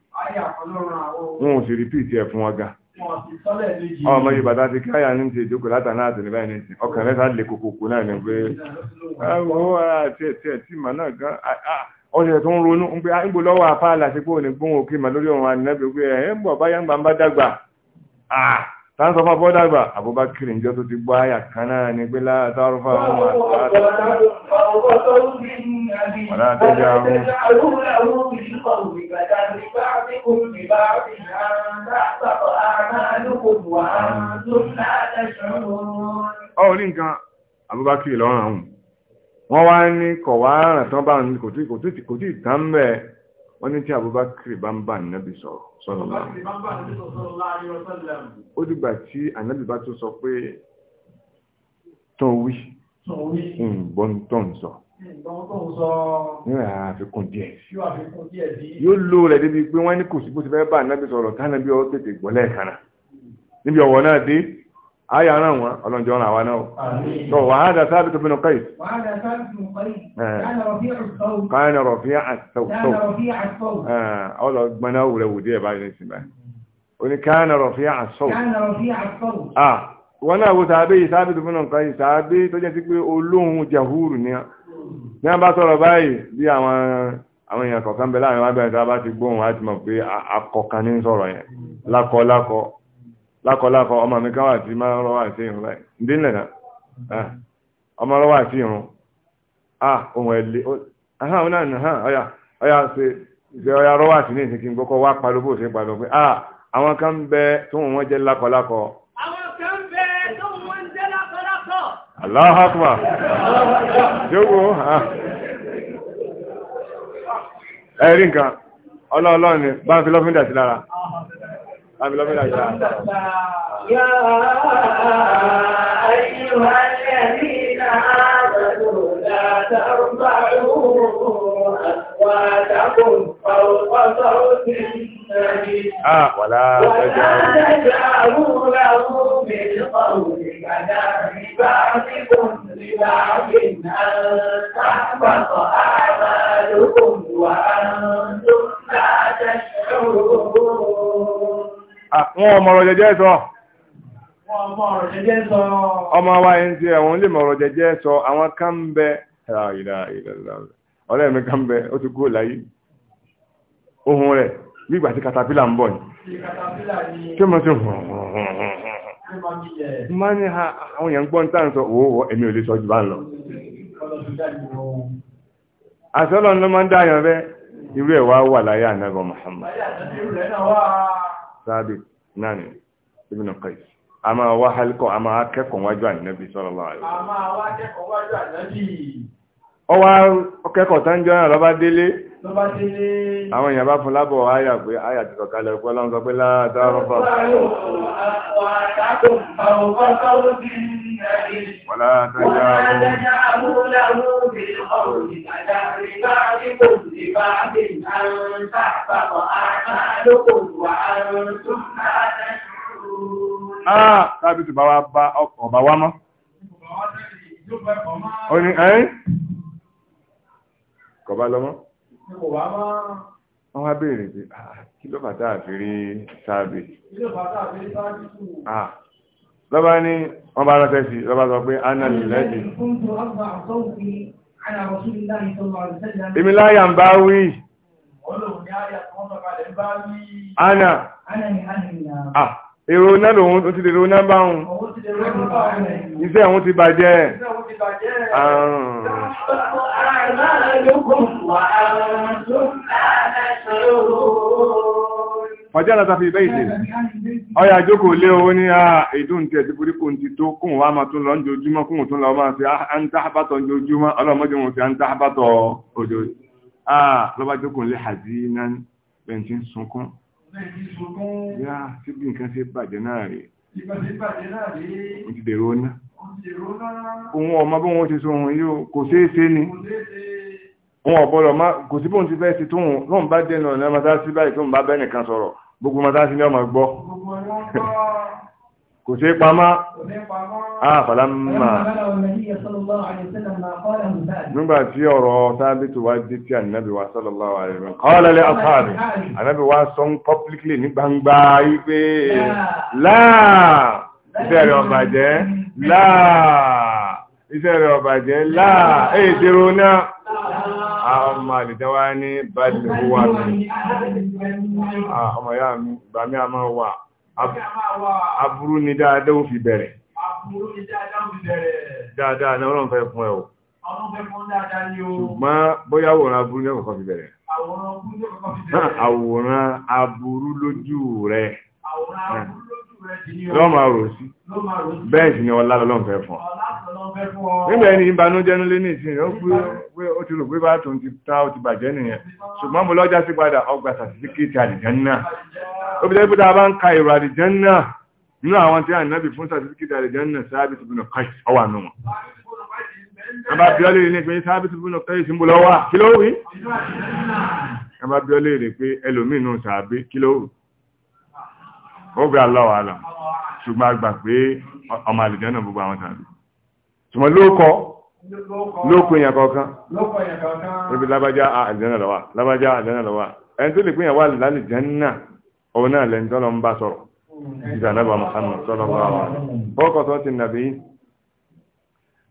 wọn ò sì rìpíìtì ẹ̀ fún wọn gan ọmọ yorùbá tá a ti káyà ní ti ìjókòó látàná àti níbẹ̀ ní ti ọkàn rẹ̀ sáà lè kókòkò náà ni pé ọwọ́ ah, ara ah, tiẹ̀ tiẹ̀ tí màá náà gan ọ̀sẹ̀ tó ń ronú ń pé àìgbò ah, lọ́wọ́ afá àlàsípò ní gbóhùn òkè mà lórí ọ̀run ànínábẹ̀ pé ẹ̀ ń bọ̀ báyà ń gbà ń bá dàgbà láti sọ fún abọ́dá àgbà Abubakar ìjọ tó ti gbọ́ àyà kan náà ni pé látàrú fáwọn àwọn àtàtà ọ̀rọ̀ ní nǹkan Abubakar lọ́rùn àwọn wọ́n wá ní kọ̀wàá rẹ̀ tán bá ń kò tí ìtàn bẹ́ẹ̀ wọ́n ní tí Abubakar bá ń bá ànábì sọ̀rọ̀ sọ̀rọ̀ láàrin ó dìgbà tí ànábì bá tún sọ pé tán wí ǹbọn tó ń sọ yóò yà àfikún díẹ̀ yóò lò rẹ̀ débi pé wọ́n ní kò sí bó ti fẹ́ bá ànábì sọ̀rọ̀ tánàbí ọ tètè gbọ́ lẹ́ẹ̀kan níbi ọ̀wọ́ náà dé aya ran wọn ọlọ́njọ́ ran àwa náà so wàhádà sábìtò bínú kais káyánà rọ̀fí àtọ́wò ọlọ́gbọ́n náà wùrẹ̀ wùdí ẹ̀ báyìí sí báyìí ó ní káyánà rọ̀fí àtọ́wò wọn náà wo sàábé yìí sábìtò bínú kais sàábé tó jẹ́ sí pé olóhun jahuru ni ní a bá sọ̀rọ̀ báyìí bí àwọn àwọn èèyàn kọ̀ọ̀kan bẹ láàrin wọn bẹ̀rẹ̀ sábà ti gbóhùn láti mọ̀ pé akọ̀kan ní sọ̀rọ̀ yẹn lákọ̀ lákọ̀ lákọlákọ ọmọ mi káwà tí máa ń rọwà sí irun báyìí ọmọ rọwà sí irun ah ohun ẹ̀lé ahá òun náà nìyẹn ọ̀yà ọ̀yà ṣe ṣe ọ̀yà rọwà sí ní ìsìnkí wá ṣe pé ah àwọn kan bẹ tóun lákọlákọ. àwọn kan bẹ lákọlákọ. ẹ̀rí nǹkan ọlọ́ọ̀lọ́ọ̀ni bá ń fi lọ́fíńdà sí Amìlọ́mìnà ìyá. Yá Ah, wàlá Wọ́n ọmọrọ̀ jẹjẹ́ sọ. Ọmọ wa yẹn ti ẹ̀wọ̀n lè mọ̀rọ̀ sọ àwọn kan bẹ ọ̀rẹ́ mi kan bẹ ó ti kú láyé. Ohun rẹ̀ bí katapila ń bọ̀ ni. Kí mo ti má ní àwọn èèyàn gbọ́n tán sọ òwò ẹ̀mí ò lè sọ jù bá ń lọ. ọlọ́run ló máa ń irú ẹ̀ wá wà láyé ànágọ́ Muhammad. sábìt náà ni ibn a máa wá hálíkọ̀ a máa kẹ́kọ̀ọ́ wájú ànábì sallallahu alaihi a máa wá kẹ́kọ̀ọ́ wájú tán jọ náà lọ́ba délé àwọn èèyàn bá fún lábọ̀ àyà pé àyà ti sọ̀kalẹ̀ pé ọlọ́run sọ pé ولا تجعلوا له بالقول كدأر بعضكم لبعض أن تحبط أعمالكم وأنتم لا تشعرون آه ثابت بابا أبا وما ó ní ẹ́ kọba lọ́mọ́ wọ́n wá béèrè pé kí ló fàtà àfi rí sáàbì lọ́ba ní wọ́n bá rọ́fẹ́ sí lọ́ba sọ pé anna lè lẹ́dì. èmi láyà ń bá wí. anna ah èrò náà lòun ó ti dèrò náà bá wọn. iṣẹ́ òun ti bàjẹ́. àrùn. àrùn ọjọ́ àlọ́ta fi bẹ́ ìdè ọyà àjókòó lé owó ní ah, ìdún tí ẹ̀sìn forí kò ń ti tó kóun wá máa tún lọ ń jojúmọ́ kóun tún lọ máa fi ah, àǹtàbátọ̀ ń jojúmọ́ ọlọ́mọdé wọn fi àǹtàbátọ̀ òjò ah, lọ́ba jókòó lé àjí náà bẹ̀ǹtì ń sunkún yá sí bí nǹkan ṣe bàjẹ́ náà rèé ó ti dèrò ọ̀nà òun ọmọ bí wọn ti sọ òun yóò kò ṣeé wọn ọ̀bọ̀lọ̀ má kò sí bóun ti fẹ́ ti tóun lóun bá dẹnu ọ̀nà mọ́sáàsì báyìí tóun bá bẹ́ nìkan sọ̀rọ̀ gbogbo mọ́sáàsì ni ọmọ gbọ́ kò sí pamá àfàlámà nígbà tí ọ̀rọ̀ sábìtì wá dé tí ànábì wa sallallahu alaihi wasallam qala li ashabi ànábì wa sọ publicly ní gbangba yí pé láà iṣẹ́ rẹ̀ ọba jẹ́ láà iṣẹ́ rẹ̀ ọba jẹ́ láà èdèrò náà Muhammad tẹ́wàá ní Bàdìlúwà mi. Ọmọ ya bà a máa wà. Aburú ni dáadáa ó fi bẹ̀rẹ̀. Dáadáa ni ọlọ́run fẹ́ fún ẹ o. Ṣùgbọ́n bóyá àwòrán aburú ní ọkọ̀kan fi bẹ̀rẹ̀. Àwòrán aburú <laughs> lójú rẹ̀. Lọ́mà rò sí. Bẹ́ẹ̀ sì ni ọlá lọ́lọ́run fẹ́ fún ọ nígbà ẹni ìbànújẹ́nú lé ní ìsìn ó pé ó ti rò pé bá tòun ti ta ó ti bàjẹ́ nìyẹn ṣùgbọ́n mo lọ́jà sí padà ọgbà sàtífíkẹ́tì àlìjẹ́nà ó fi dẹ́gbẹ́ tá a bá ń ka èrò àlìjẹ́nà nínú àwọn tí a nàbì fún sàtífíkẹ́tì àlìjẹ́nà sáábì tó bínú káì ọwà nù wọn. àbá bíọ́lé ní pé sáábì tó bínú káì sí ń bọ̀ lọ́wọ́ kí ló wí? àbá bíọ́lé rè pé ẹlòmínú sàábì kí ló wù? ó ṣùgbọ́n gbà pé ọmọ àlìjẹ́nà gbogbo àwọn sàábì tùmọ̀ lóòkọ́ lóòkọ́ èèyàn kọ̀ọ̀kan níbi lábájá àlìjánà lọ́wà lábájá àlìjánà lọ́wà ẹni tó lè pín ìyàwó àlìjánà òun náà lẹ́ni tọ́lọ ń bá sọ̀rọ̀ ìdànàbà Muhammad sallallahu alaihi fọ́kọ̀sọ́ ti nàbí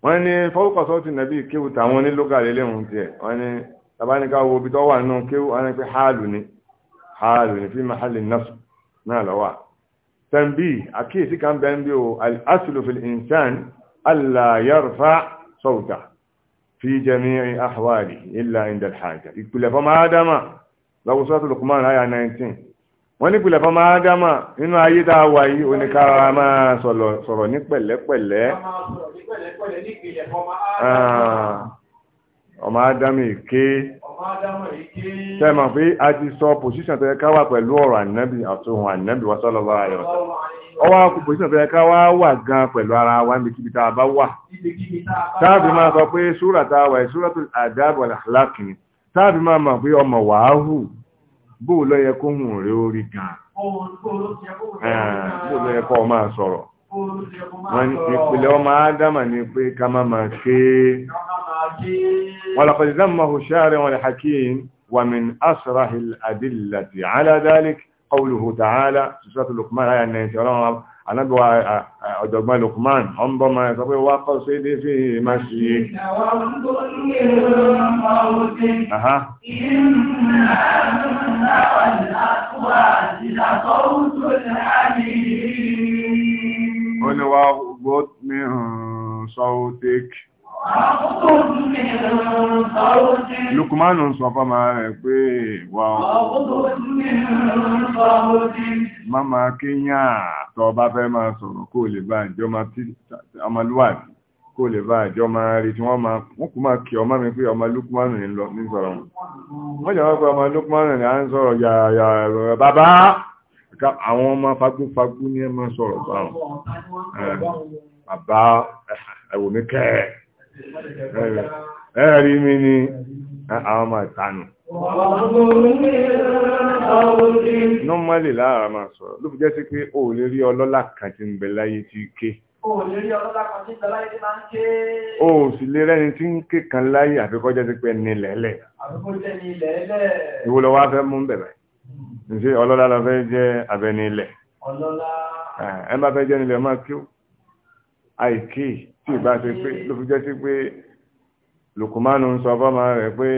wọ́n ní fọ́kọ̀sọ́ ti nàbí kéwù táwọn onílógà lélẹ́hùn tiẹ̀ wọ́n ní tàbáníká wo bí tọ́wà nù kéwù wọ́n ní pé háàlù ni háàlù ni fi mahali nasu náà lọ́wà tẹ̀m̀bì àkíyèsí kan bẹ́ẹ̀ ń bí o al-aslu fil alla yarfa sawta fi jami'i ahwali illa inda al-haja ìpìlẹ̀ fọ́mọ ádámà lọ́wọ́ sọ́tù Luqman àyà 19 wọ́n nípìlẹ̀ fọ́mọ ádámà nínú ayé tá a wà yìí oníkàrà máa sọ̀rọ̀ ní pẹ̀lẹ́pẹ̀lẹ́ ah, ọmọ ádámà èké tẹ́mọ̀ pé a ti sọ pòsíṣàn tó yẹ ká wà pẹ̀lú ọ̀rọ̀ ànábì àtòhun ànábì wa sọ́lọ́wọ́ ayọ̀ ọwọ́ pòsíṣàn tó yẹ ká wá wà gan pẹ̀lú ara wa níbi tá a bá wà táàbí máa sọ pé súrà tá a wà suratul adab wal akhlaq ni táàbí máa mọ̀ pé ọmọ wàáhù bóò ló yẹ kó hùn rí orí gan bóò yẹ kó máa sọ̀rọ̀ ولقد ذمه شارع الحكيم ومن اسره الادله على ذلك قوله تعالى في سوره لقمان ان انا دعاء دعمان لقمان ما انظم يا سيدي في مسجد اها ان والاقوال الى صوت الحبيب ó ní wá gbóòtù mi sọ́ọ́tẹ́kì Lukumanu sọ fọ́mà rẹ̀ pé wà máma kíyà tọ bá fẹ́ máa sọ̀rọ̀ kó lè bá ìjọmá tí ọmọlúwàdí kó lè bá ìjọmá rí tí wọ́n máa kú máa kí ọmọ mi pé ọmọ Lukumanu ní sọ̀rọ̀ wọn. Wọ́n jẹ́ wọ́n pé ọmọ Lukumanu ní à ń sọ̀rọ̀ yàrá Baba àwọn ọmọ fagúfagú ní ẹmọ sọ̀rọ̀ báwọn bàbá ẹ̀wòmí kẹ́ẹ̀ ẹ̀rí mi ni àwọn ọmọ ìtanù nọ́mọ́lì láàrá máa sọ̀rọ̀ ló fi jẹ́ sí pé o lè rí ọlọ́lá kan tí ń bẹ láyé tí ké o lè rí ọlọ́lá kan tí ń bẹ láyé tí máa ń ké o sì lè rẹ́ni tí ń ké kan láyé àfikọ́jẹ́ sí pé ní lẹ́lẹ̀ ìwọ lọ mú bẹ̀rẹ̀ ṣe ọlọ́lá la fẹ́ jẹ́ abẹni ilẹ̀ ẹ bá fẹ́ jẹ́ nílẹ̀ máa kí ó àìkí tí ìbá ṣe pé ló fi jẹ́ sí pé Lukumanu ń sọ fọ́mọ rẹ̀ pé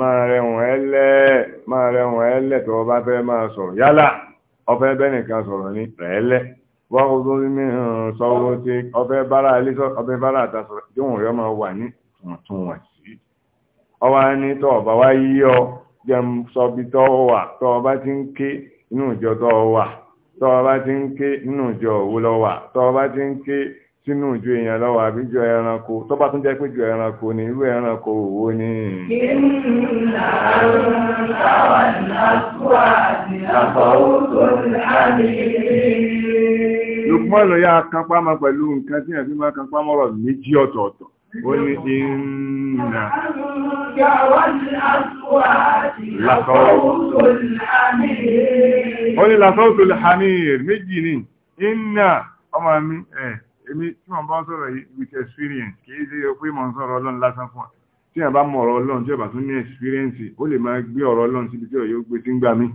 máa rẹ̀wọ̀n ẹlẹ́ máa rẹ̀wọ̀n ẹlẹ́ tó bá fẹ́ máa sọ̀rọ̀ yálà ọfẹ́ bẹ́nìkan sọ̀rọ̀ ní rẹ̀ẹ́lẹ̀ wọ́n kò tó ní sọ́wọ́ tí ọfẹ́ bára àtàsọ̀rọ̀ yóò rẹ̀ máa wà ní tùmọ̀tùmọ̀ ọwá ní tọ ọba wá yí ọ jẹun sọbi ọ wà ọba ti ń ké inú ìjọ ọba ti ń ké inú ìjọ òwú ti ń ké sínú ìjọ èèyàn ẹranko bá tún jẹ pé ẹranko ni irú ẹranko òwò ni. kí ni àrùn pẹ̀lú nǹkan tí ولئن ó ní làṣọ́ọ̀tò lẹ́hàmìr méjì ní iná ọmọ mi ẹ̀ èmi tí wọ́n bá ń sọ̀rọ̀ with experience kìí sí pé mọ̀ ń sọ̀rọ̀ ọlọ́run lásán fún ọ tí a bá mọ̀ ọ̀rọ̀ ọlọ́run tí ọba tún ní experience ó lè máa gbé ọ̀rọ̀ ọlọ́run síbi tí ọ̀yọ́ gbé tí ń gbà mí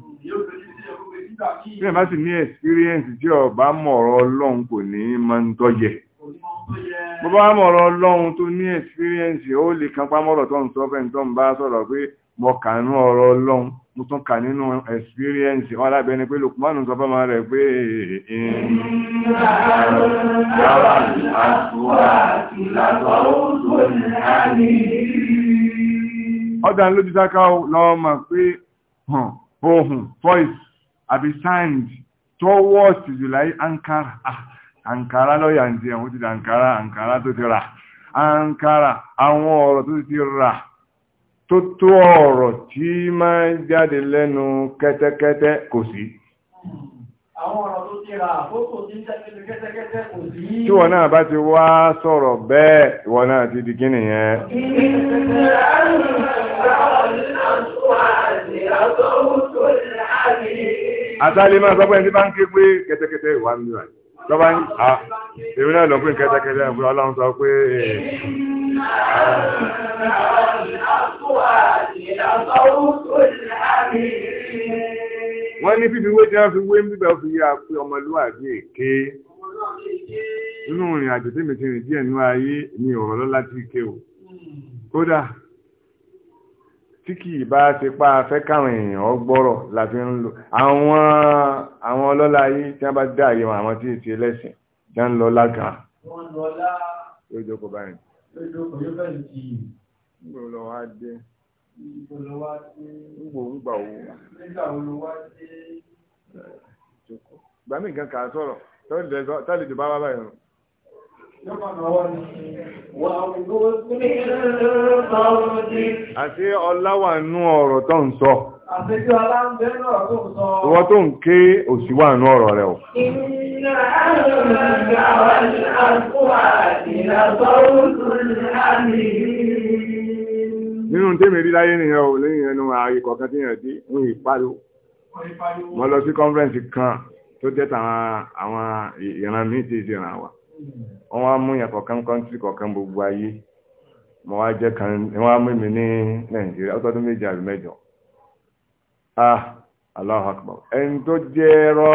tí a bá sì ní experience tí ọba mọ̀ ọ̀rọ̀ ọlọ́run kò ní máa ń tọ́jẹ̀ bọ́bá wà mọ̀rọ̀ ọlọ́run tó ní experience ó lè kan pámọ́rọ̀ tó ń sọ fẹ́ tó ń bá sọ̀rọ̀ pé mo kà nínú ọ̀rọ̀ ọlọ́run mo tún kà nínú experience wọn alábẹ́ni pé Lukman sọ fẹ́ rẹ̀ pé ọ̀dà lójú dáká lọ́wọ́ mọ̀ pé ohun voice àbí sound tó wọ́ọ̀sì ankara ah, Ankara lọ ń ti àwọn ti ankara tó ti rà àǹkárá àwọn ọ̀rọ̀ tó ti rà tó ọ̀rọ̀ tí máa ń jáde lẹ́nu kẹ́tẹ́kẹ́tẹ́ kò sí àwọn ọ̀rọ̀ tó ti rà àkókò tí kẹ́tẹ́kẹ́tẹ́ kò sí. tí wọ́n náà bá ti wá sọ̀rọ̀ bẹ́ẹ̀ náà ti di lọ́ba ah, ń à èmi náà lọ pé kẹ́tẹ́kẹ́tẹ́ ẹ̀fọ́ ọlọ́run sọ pé eh. wọ́n ní fífi wé tí wọ́n fi wé ń bíbẹ̀ fi yá pé ọmọlúwàbí èké nínú ìrìn àjò tí mi ti rìn díẹ̀ nínú ayé mi ò rọ́ láti ike o kódà tí kì í bá ṣe pa afẹ́ káwọn èèyàn gbọ́rọ̀ láti ń lò àwọn àwọn ọlọ́lá ayé tí wọ́n bá dá àyè wọn àwọn tí ì ti ẹlẹ́sìn tí wọ́n ń lọ lága. wọ́n lọ lá. yóò jókòó báyìí. yóò jókòó yóò bẹ̀rẹ̀ sí i. nígbà wo lọ wá dé. nígbà wo lọ wá dé. nígbà wo nígbà wo. nígbà wo lọ wá dé. gbàmí nǹkan kà á sọ̀rọ̀ tọ́lẹ̀ tó bá wá báyìí. Àti ọlá wà nú ọ̀rọ̀ tó ń sọ. Àfẹ́jọ́ ọlá ń bẹ́rẹ̀ ọ̀rọ̀ tó ń sọ. Ìwọ́n tó ń ké òsì wà nú ọ̀rọ̀ rẹ̀ o. Ìrìnà àrùn ìgbà wà ní àkúwà ìrìnàtọ́ nínú tèmi rí láyé nìyẹn o lẹ́yìn ẹnu ààyè kọ̀ọ̀kan tí yẹn dé ń ìpariwo mo lọ sí conference kan tó jẹ́ tàwọn àwọn ìran mi ti ìran wa wọ́n wá mú yàn kọ̀ọ̀kan kọ́ńtì gbogbo ayé mo wá jẹ́ kan wọ́n á mú mi ní nàìjíríà ah Allahu Akbar ẹni tó rọ